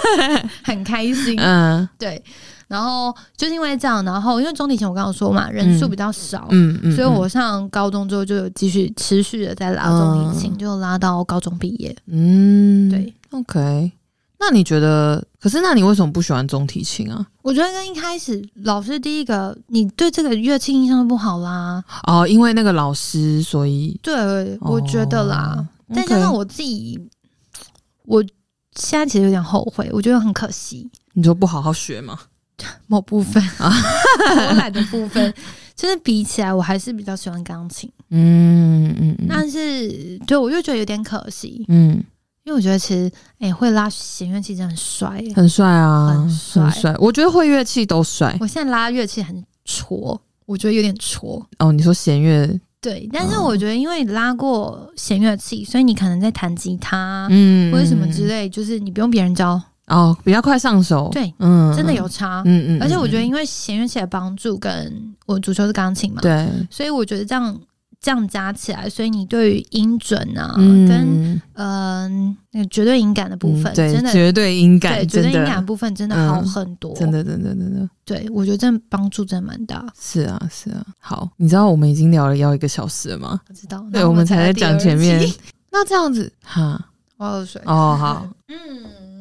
很開心。嗯，對。然後就是因為這樣，然後因為中提琴我剛剛說嘛，人數比較少，嗯嗯，所以我上高中之後就繼續持續的在拉中提琴，嗯，就拉到高中畢業。嗯，對，OK。那你覺得？可是，那你為什麼不喜歡中提琴啊？我覺得跟一開始老師第一個，你對這個樂器印象不好啦。哦，因為那個老師，所以對，我覺得啦。再加上我自己，我現在其實有點後悔，我覺得很可惜。你就不好好學嗎？某部分啊，我、嗯、懶 的部分，就是比起來，我還是比較喜歡鋼琴。嗯嗯，但是對我又覺得有點可惜。嗯，因為我覺得其實誒、欸、會拉弦樂器真的很帥，很帥啊，很帥。我覺得會樂器都帥。我現在拉樂器很挫，我覺得有點挫。哦，你說弦樂？對，但是我覺得因為拉過弦樂器，所以你可能在彈吉他，嗯，或者什麼之類，就是你不用別人教。哦，比較快上手。對，嗯，真的有差，嗯嗯。而且我覺得，因為弦樂器的幫助跟，跟我主修是鋼琴嘛，對，所以我覺得這樣這樣加起來，所以你對於音準啊，跟嗯，那、呃、絕對音感的部分，嗯、對真的對絕對音感，對絕對音感的部分真的好很多，嗯、真的真的真的。對，我覺得這幫助真的蠻大。是啊，是啊。好，你知道我們已經聊了要一個小時了嗎？不知道，對，我們才在講前面。那這樣子，哈，我要喝水。哦，是是好，嗯。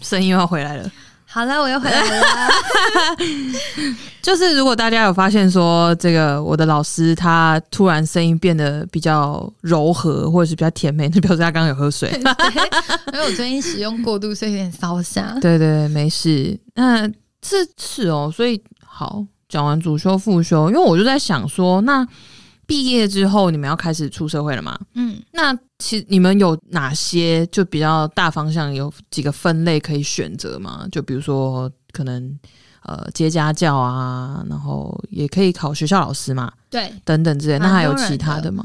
聲音又要回來了。好了，我又回來了。 就是如果大家有發現說，這個我的老師他突然聲音變得比較柔和，或者是比較甜美，就表示他剛剛有喝水。因為我最近使用過度，所以有點燒聲。 對對，沒事。那這次哦，所以好講完主修副修，因為我就在想說那。畢業之後你們要開始出社會了嗎？嗯，那其實你們有哪些就比較大方向，有幾個分類可以選擇嗎？就比如說可能呃接家教啊，然後也可以考學校老師嘛，對，等等之類的。那還有其他的嗎？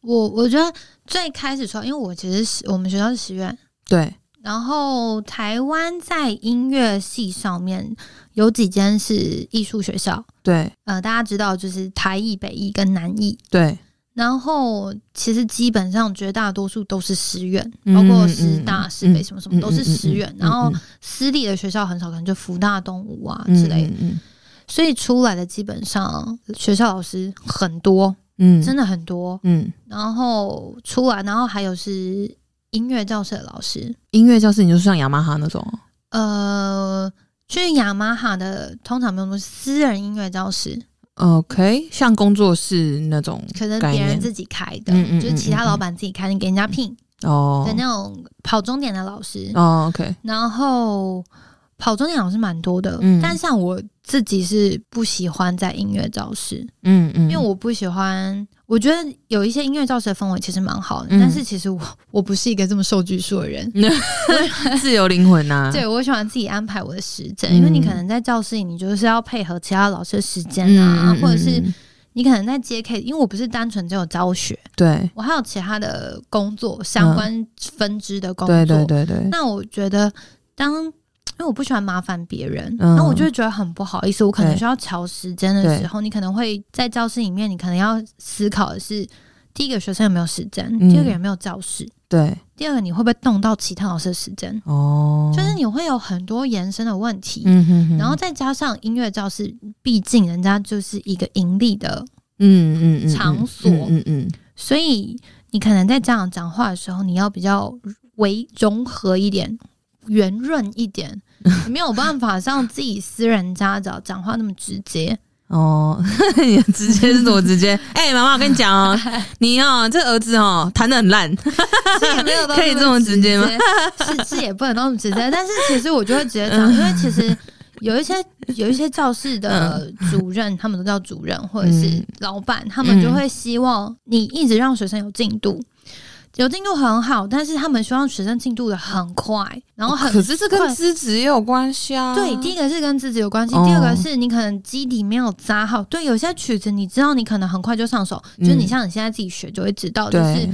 我我覺得最開始說，因為我其實是我們學校是學院，對，然後台灣在音樂系上面，有幾間是藝術學校，對，呃，大家知道就是台藝、北藝跟南藝，對。然後其實基本上絕大多數都是師院嗯嗯嗯嗯，包括師大、師、嗯、北、嗯嗯、什麼什麼都是師院嗯嗯嗯嗯。然後私立的學校很少，可能就輔大、東吳啊之類的。的、嗯嗯嗯、所以出來的基本上學校老師很多，嗯，真的很多，嗯。然後出來，然後還有是音樂教室的老師，音樂教室你就是像雅馬哈那種，呃。去雅馬哈的通常沒有說私人音樂教室，OK，像工作室那種，可能別人自己開的，嗯嗯嗯嗯嗯，就是其他老闆自己開嗯嗯，你給人家聘哦的那種跑鐘點的老師，哦，OK。然後跑鐘點老師蠻多的，嗯，但像我自己是不喜歡在音樂教室，嗯嗯，因為我不喜歡。我覺得有一些音樂教室的氛圍其實蠻好的、嗯，但是其實我我不是一個這麼受拘束的人，嗯、 自由靈魂吶、啊。對，我喜歡自己安排我的時間、嗯，因為你可能在教室裡，你就是要配合其他老師的時間啊嗯嗯嗯，或者是你可能在接 case，因為我不是單純只有教學，對，我還有其他的工作相關分支的工作、嗯，對對對對。那我覺得當。因為我不喜歡麻煩別人，那、嗯、我就會覺得很不好意思。我可能需要調時間的時候，你可能會在教室裡面，你可能要思考的是：第一個學生有沒有時間？第二個有沒有教室、嗯？對，第二個你會不會動到其他老師的時間？哦，就是你會有很多延伸的問題。嗯、哼哼，然後再加上音樂教室，畢竟人家就是一個盈利的，嗯嗯場所，嗯嗯，嗯，嗯，嗯，嗯，嗯。所以你可能在這樣講話的時候，你要比較微融合一點。圓潤一點，沒有辦法像自己私人家長講話那麼直接哦。呵呵，你直接是什麼直接？哎、 欸，媽媽，我跟你講哦、喔， 你哦、喔，這個、兒子哦、喔，彈的很爛， 可以這麼直接嗎？ 是，是，也不能那麼直接。但是其實我就會直接講、嗯，因為其實有一些有一些教室的主任，他們都叫主任或者是老板，他們就會希望你一直讓學生有進度。有進度很好，但是他們希望學生進度的很快，然後很，可是這跟資質也有關係啊。對，第一個是跟資質有關係，哦、第二個是你可能基底沒有紮好。對，有些曲子你知道，你可能很快就上手，嗯、就是你像你現在自己學就會知道，就是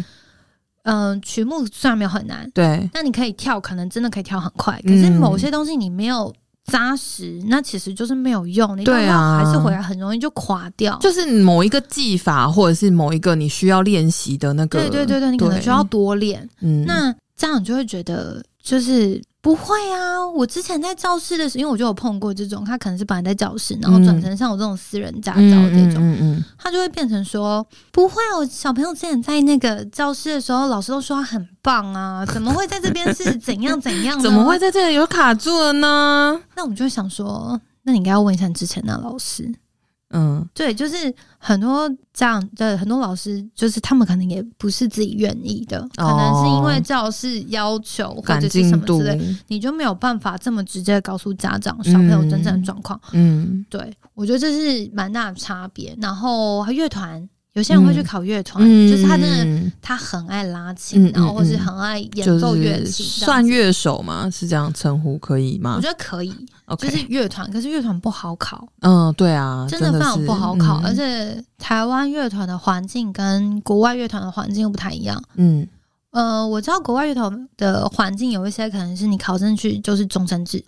嗯、呃、曲目雖然沒有很難，對，但你可以跳，可能真的可以跳很快，可是某些東西你沒有。扎實，那其實就是沒有用。對啊，你最後還是回來很容易就垮掉。就是某一個技法，或者是某一個你需要練習的那個，對對對對，對你可能需要多練、嗯。那這樣你就會覺得。就是不會啊！我之前在教室的時候，因為我就有碰過這種，他可能是本來在教室，然後轉成像我這種私人家教這種，他、嗯嗯嗯嗯、就會變成說不會、啊、我小朋友之前在那個教室的時候，老師都說他很棒啊，怎麼會在這邊是怎樣怎樣？ 怎麼會在這邊有卡住了呢？那我就會想說，那你應該要問一下之前那、啊、老師。嗯，對，就是很多這樣的很多老師，就是他們可能也不是自己願意的、哦，可能是因為教室要求，或者是什麼之類，你就沒有辦法這麼直接告訴家長小朋友真正的狀況。嗯，對，我覺得這是蠻大的差別。然後還有樂團。有些人會去考樂團、嗯，就是他真的他很愛拉琴、嗯，然後或是很愛演奏樂器、嗯嗯、就是、算樂手嘛？是這樣稱呼可以嗎？我覺得可以可、okay. 就是樂團，可是樂團不好考。嗯，對啊，真的非常不好考，嗯、而且台灣樂團的環境跟國外樂團的環境又不太一樣。嗯，呃，我知道國外樂團的環境有一些可能是你考進去就是終身制。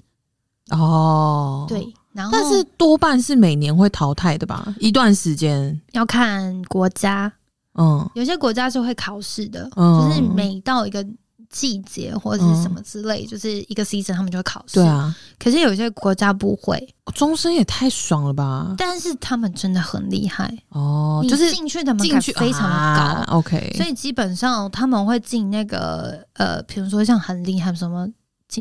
哦，對。然後但是多半是每年會淘汰的吧？一段時間要看國家，嗯，有些國家是會考試的，嗯，就是每到一個季節或者是什麼之類、嗯，就是一個 season 他們就會考試、嗯。對啊，可是有些國家不會，終、哦、身也太爽了吧？但是他們真的很厲害哦，就是進去他們門檻非常高 OK，所以基本上他們會進那個呃，比如說像很厲害什麼。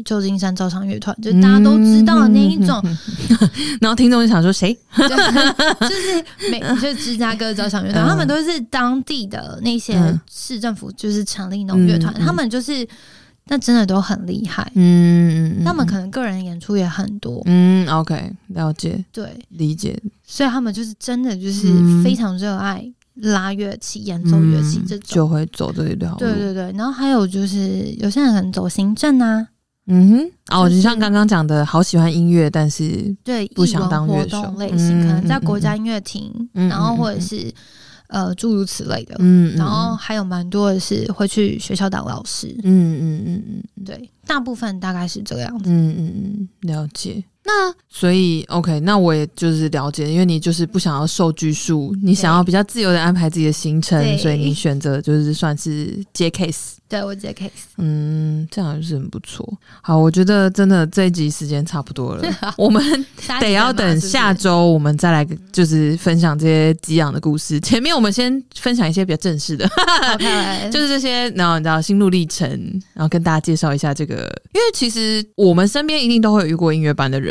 舊金山交響樂團，就是，大家都知道的那一種，嗯嗯嗯嗯嗯嗯嗯，然後聽眾就想說誰？就是每，就是芝加哥交響樂團，嗯，他們都是當地的那些市政府，就是成立那種樂團，嗯嗯，他們就是那真的都很厲害嗯。嗯，他們可能個人演出也很多。嗯，OK，了解，對，理解。所以他們就是真的就是非常熱愛拉樂器，嗯，演奏樂器，這種就會走這一條路。對對對，然後還有就是有些人可能走行政啊。嗯哼，哦，就像剛剛講的，好喜歡音樂，但是對不想當樂手對類型、嗯嗯，可能在國家音樂廳、嗯嗯，然後或者是、嗯、呃諸如此類的，嗯，然後還有蠻多的是會去學校當老師，嗯嗯嗯嗯，對嗯，大部分大概是這個樣子，嗯嗯嗯，了解。那所以 OK，那我也就是了解，因為你就是不想要受拘束，嗯、你想要比較自由的安排自己的行程，所以你選擇就是算是接 case，對，我接 case，嗯，這樣就是很不錯。好，我覺得真的這一集時間差不多了，我們得要等下周我們再來就是分享這些滋養的故事。前面，我們先分享一些比較正式的， 就是這些，然後你知道心路歷程，然後跟大家介紹一下這個，因為其實我們身邊一定都會有遇過音樂班的人。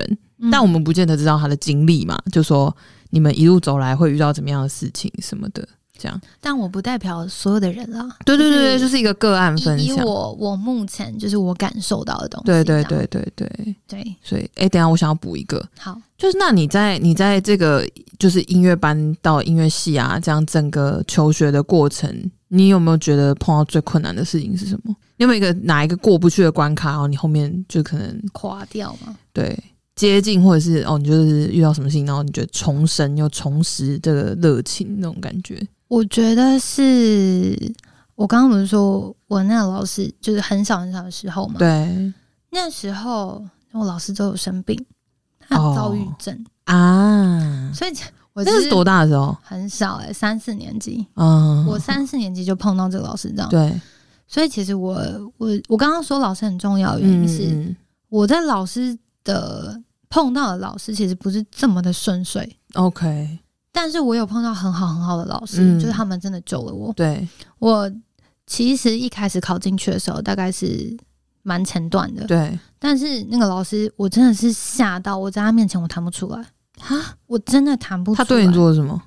但我們不見得知道他的經歷嘛、嗯。就說你們一路走來會遇到怎麼樣的事情什麼的，這樣。但我不代表所有的人啊，對對對對，就是，就是一個個案分享。以我我目前就是我感受到的東西。對對對對對對。所以，哎，欸，等一下我想要補一個。好，就是那你在你在這個就是音樂班到音樂系啊，這樣整個求學的過程，你有沒有覺得碰到最困難的事情是什麼？你有沒有一個哪一個過不去的關卡、啊，然後你後面就可能垮掉嘛。對。接近，或者是哦，你就是遇到什麼事情，然後你覺得重生又重拾這個熱情那種感覺？我覺得是我剛剛不是說我那個老師，就是很小很小的時候嘛。對，那時候我老師都有生病，他有躁鬱症、哦、啊，所以這是,、欸、是多大的時候？很小哎，三四年級啊、嗯，我三四年級就碰到這個老師這樣。對，所以其實我我我剛剛說老師很重要，原因是、嗯、我在老師的。碰到的老師，其實不是這麼的順遂，OK。但是我有碰到很好很好的老師，嗯，就是他們真的救了我。對，我其實一開始考進去的時候，大概是蠻前段的。對，但是那個老師，我真的是嚇到，我在他面前我彈不出來啊！我真的彈不出來。他對你做了什麼？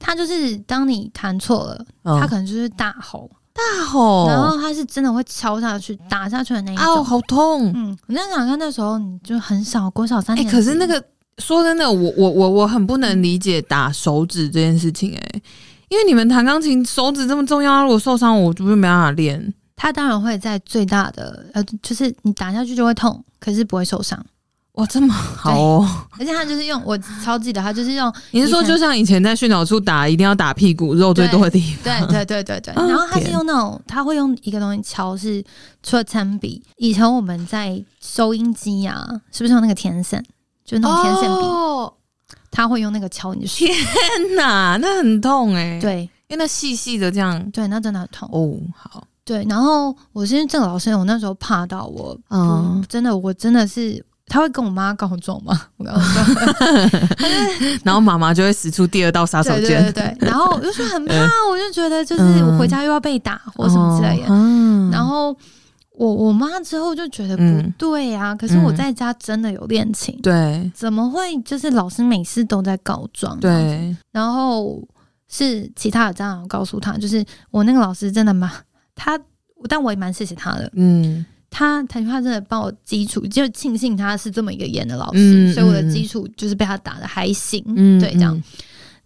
他就是當你彈錯了，哦，他可能就是大吼。大吼，然後他是真的會敲下去，打下去的那一種，哦、好痛。嗯，我在想看，看那時候你就很少，國小三年。哎、欸，可是那個說真的，我我我我很不能理解打手指這件事情，欸，誒。因為你們彈鋼琴手指這麼重要，如果受傷，我就沒辦法練。他當然會在最大的，呃，就是你打下去就會痛，可是不會受傷。哇，這麼好哦！而且他就是用我超記得，他就是用。你是說就像以前在訓導處打，一定要打屁股肉最多的地方？對對對對對、哦。然後他是用那種，他會用一個東西敲，是除了鉛筆。以前我們在收音機啊，是不是用那個天線？就是那種天線筆、哦。他會用那個敲你的，天哪，那很痛哎、欸！對，因為那細細的，這樣對，那真的很痛哦。好，對。然後我是因為鄭老師，我那時候怕到我、嗯，真的，我真的是。他會跟我媽告狀嗎？我 告 然後媽媽就會使出第二道殺手鐧。 對,對對對，然後我就是、很怕，我就覺得就是我回家又要被打、嗯、或什麼之類的。嗯、然後我我媽之後就覺得不對啊，嗯、可是我在家真的有戀情，對、嗯，怎麼會？就是老師每次都在告狀、啊，對，然後是其他的家長告訴他，就是我那個老師真的嗎？他，但我也蠻謝謝他的，嗯。他談云真的幫我基礎，就慶幸他是這麼一個嚴的老師，嗯嗯，所以我的基礎就是被他打得還行，嗯嗯，對這樣。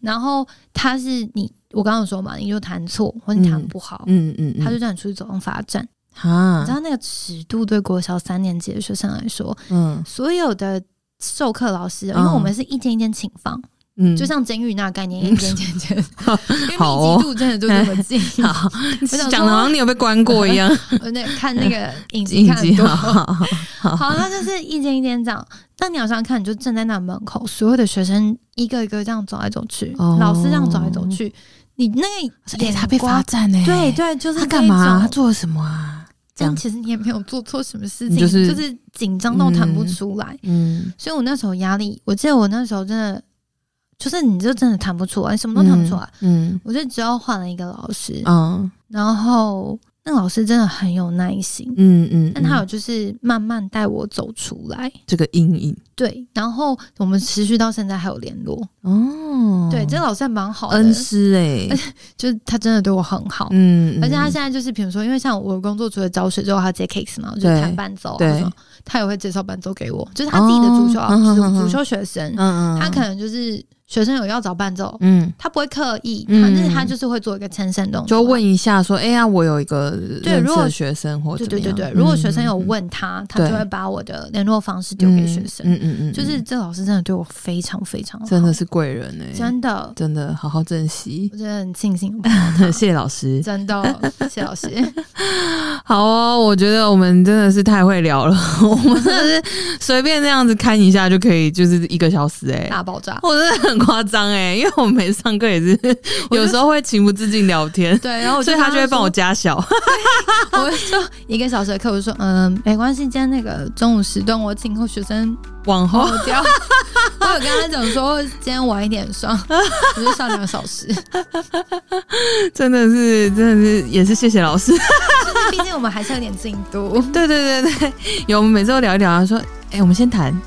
然後他是你，我剛剛說嘛，你就彈錯或者彈不好，嗯嗯，嗯，他就讓你出去走廊罰站。啊。你知道那個尺度對國小三年級的學生來說，嗯，所有的授課老師，嗯，因為我們是一間一間請放。嗯，就像監獄那概念，一間一間，好，好、嗯、密集度真的就這麼近，好、哦，講 的好，好像你有被關過一樣。那 看那個影集，好，好，那就是一間一間這樣。但你好像看，你就站在那門口，所有的學生一個一個這樣走來走去，哦、老師這樣走來走去，你那個他被罰站呢、欸？對對，就是他幹嘛、啊？他他做什麼啊？這樣其實你也沒有做錯什麼事情，就是緊張到彈不出來，嗯。嗯，所以我那時候壓力，我記得我那時候真的。就是你就真的彈不出來，你什麼都彈不出來。嗯，嗯我覺得只要換了一個老師，嗯，然後那個老師真的很有耐心，嗯嗯、嗯，但他有就是慢慢帶我走出來這個陰影。對，然後我們持續到現在還有聯絡。哦，對，這個、老師還蠻好的，恩師哎、欸，就是他真的對我很好，嗯，嗯而且他現在就是比如說，因為像我工作除了教學之後，他接 case 嘛，就彈伴奏，對，他也會介紹伴奏給我，就是他自己的主修，啊、哦、足、就是、主修學生嗯嗯，嗯，他可能就是。學生有要找伴奏，嗯，他不會刻意，嗯、但是他就是會做一個牽線動作，就問一下說，哎、欸、呀、啊，我有一個對，如果學生或對對對對、嗯，如果學生有問他，嗯、他就會把我的聯絡方式丟給學生，嗯嗯嗯，就是這個、老師真的對我非常非常好，真的是貴人哎、欸，真的真的，好好，真的好好珍惜，我真的很慶幸， 謝謝老師，真的謝謝老師， 好哦，我覺得我們真的是太會聊了， 我們真的是隨便這樣子看一下就可以就是一個小時哎、欸，大爆炸，我真的很。誇張哎，因為我每次上課也是，有時候會情不自禁聊天。對，然後所以他就會幫我加小。我說一個小時的課，我說嗯，沒關係，今天那個中午時段我請後學生往後調。我有跟他講說， 今天晚一點就上，只是上兩個小時。 真的是，真的是，也是謝謝老師。畢 竟我們還是有點進度。 對對對對，有我們每次都聊一聊，他說。哎、欸，我們先談，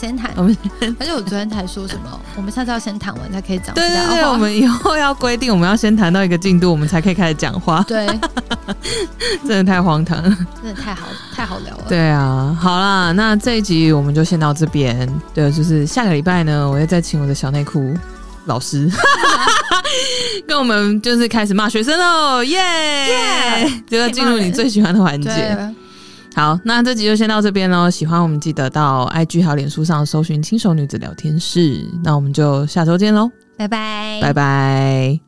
先談，我們。而且我昨天才說什麼， 我們下次要先談完才可以講。對對對，對、哦，我們以後要規定，我們要先談到一個進度，我們才可以開始講話。對， 真的太荒唐了，真的太好，太好聊了。對啊，好啦，那這一集我們就先到這邊。對、啊，就是下個禮拜呢，我要再請我的小內褲老師， 對啊， 跟我們就是開始罵學生嘍，耶、yeah! yeah!！就要進入你最喜歡的環節。 好，那這集就先到這邊嘍。喜歡我們，記得到 IG 好臉書上搜尋“輕熟女子聊天室”。那我們就下周見嘍，拜拜，拜拜。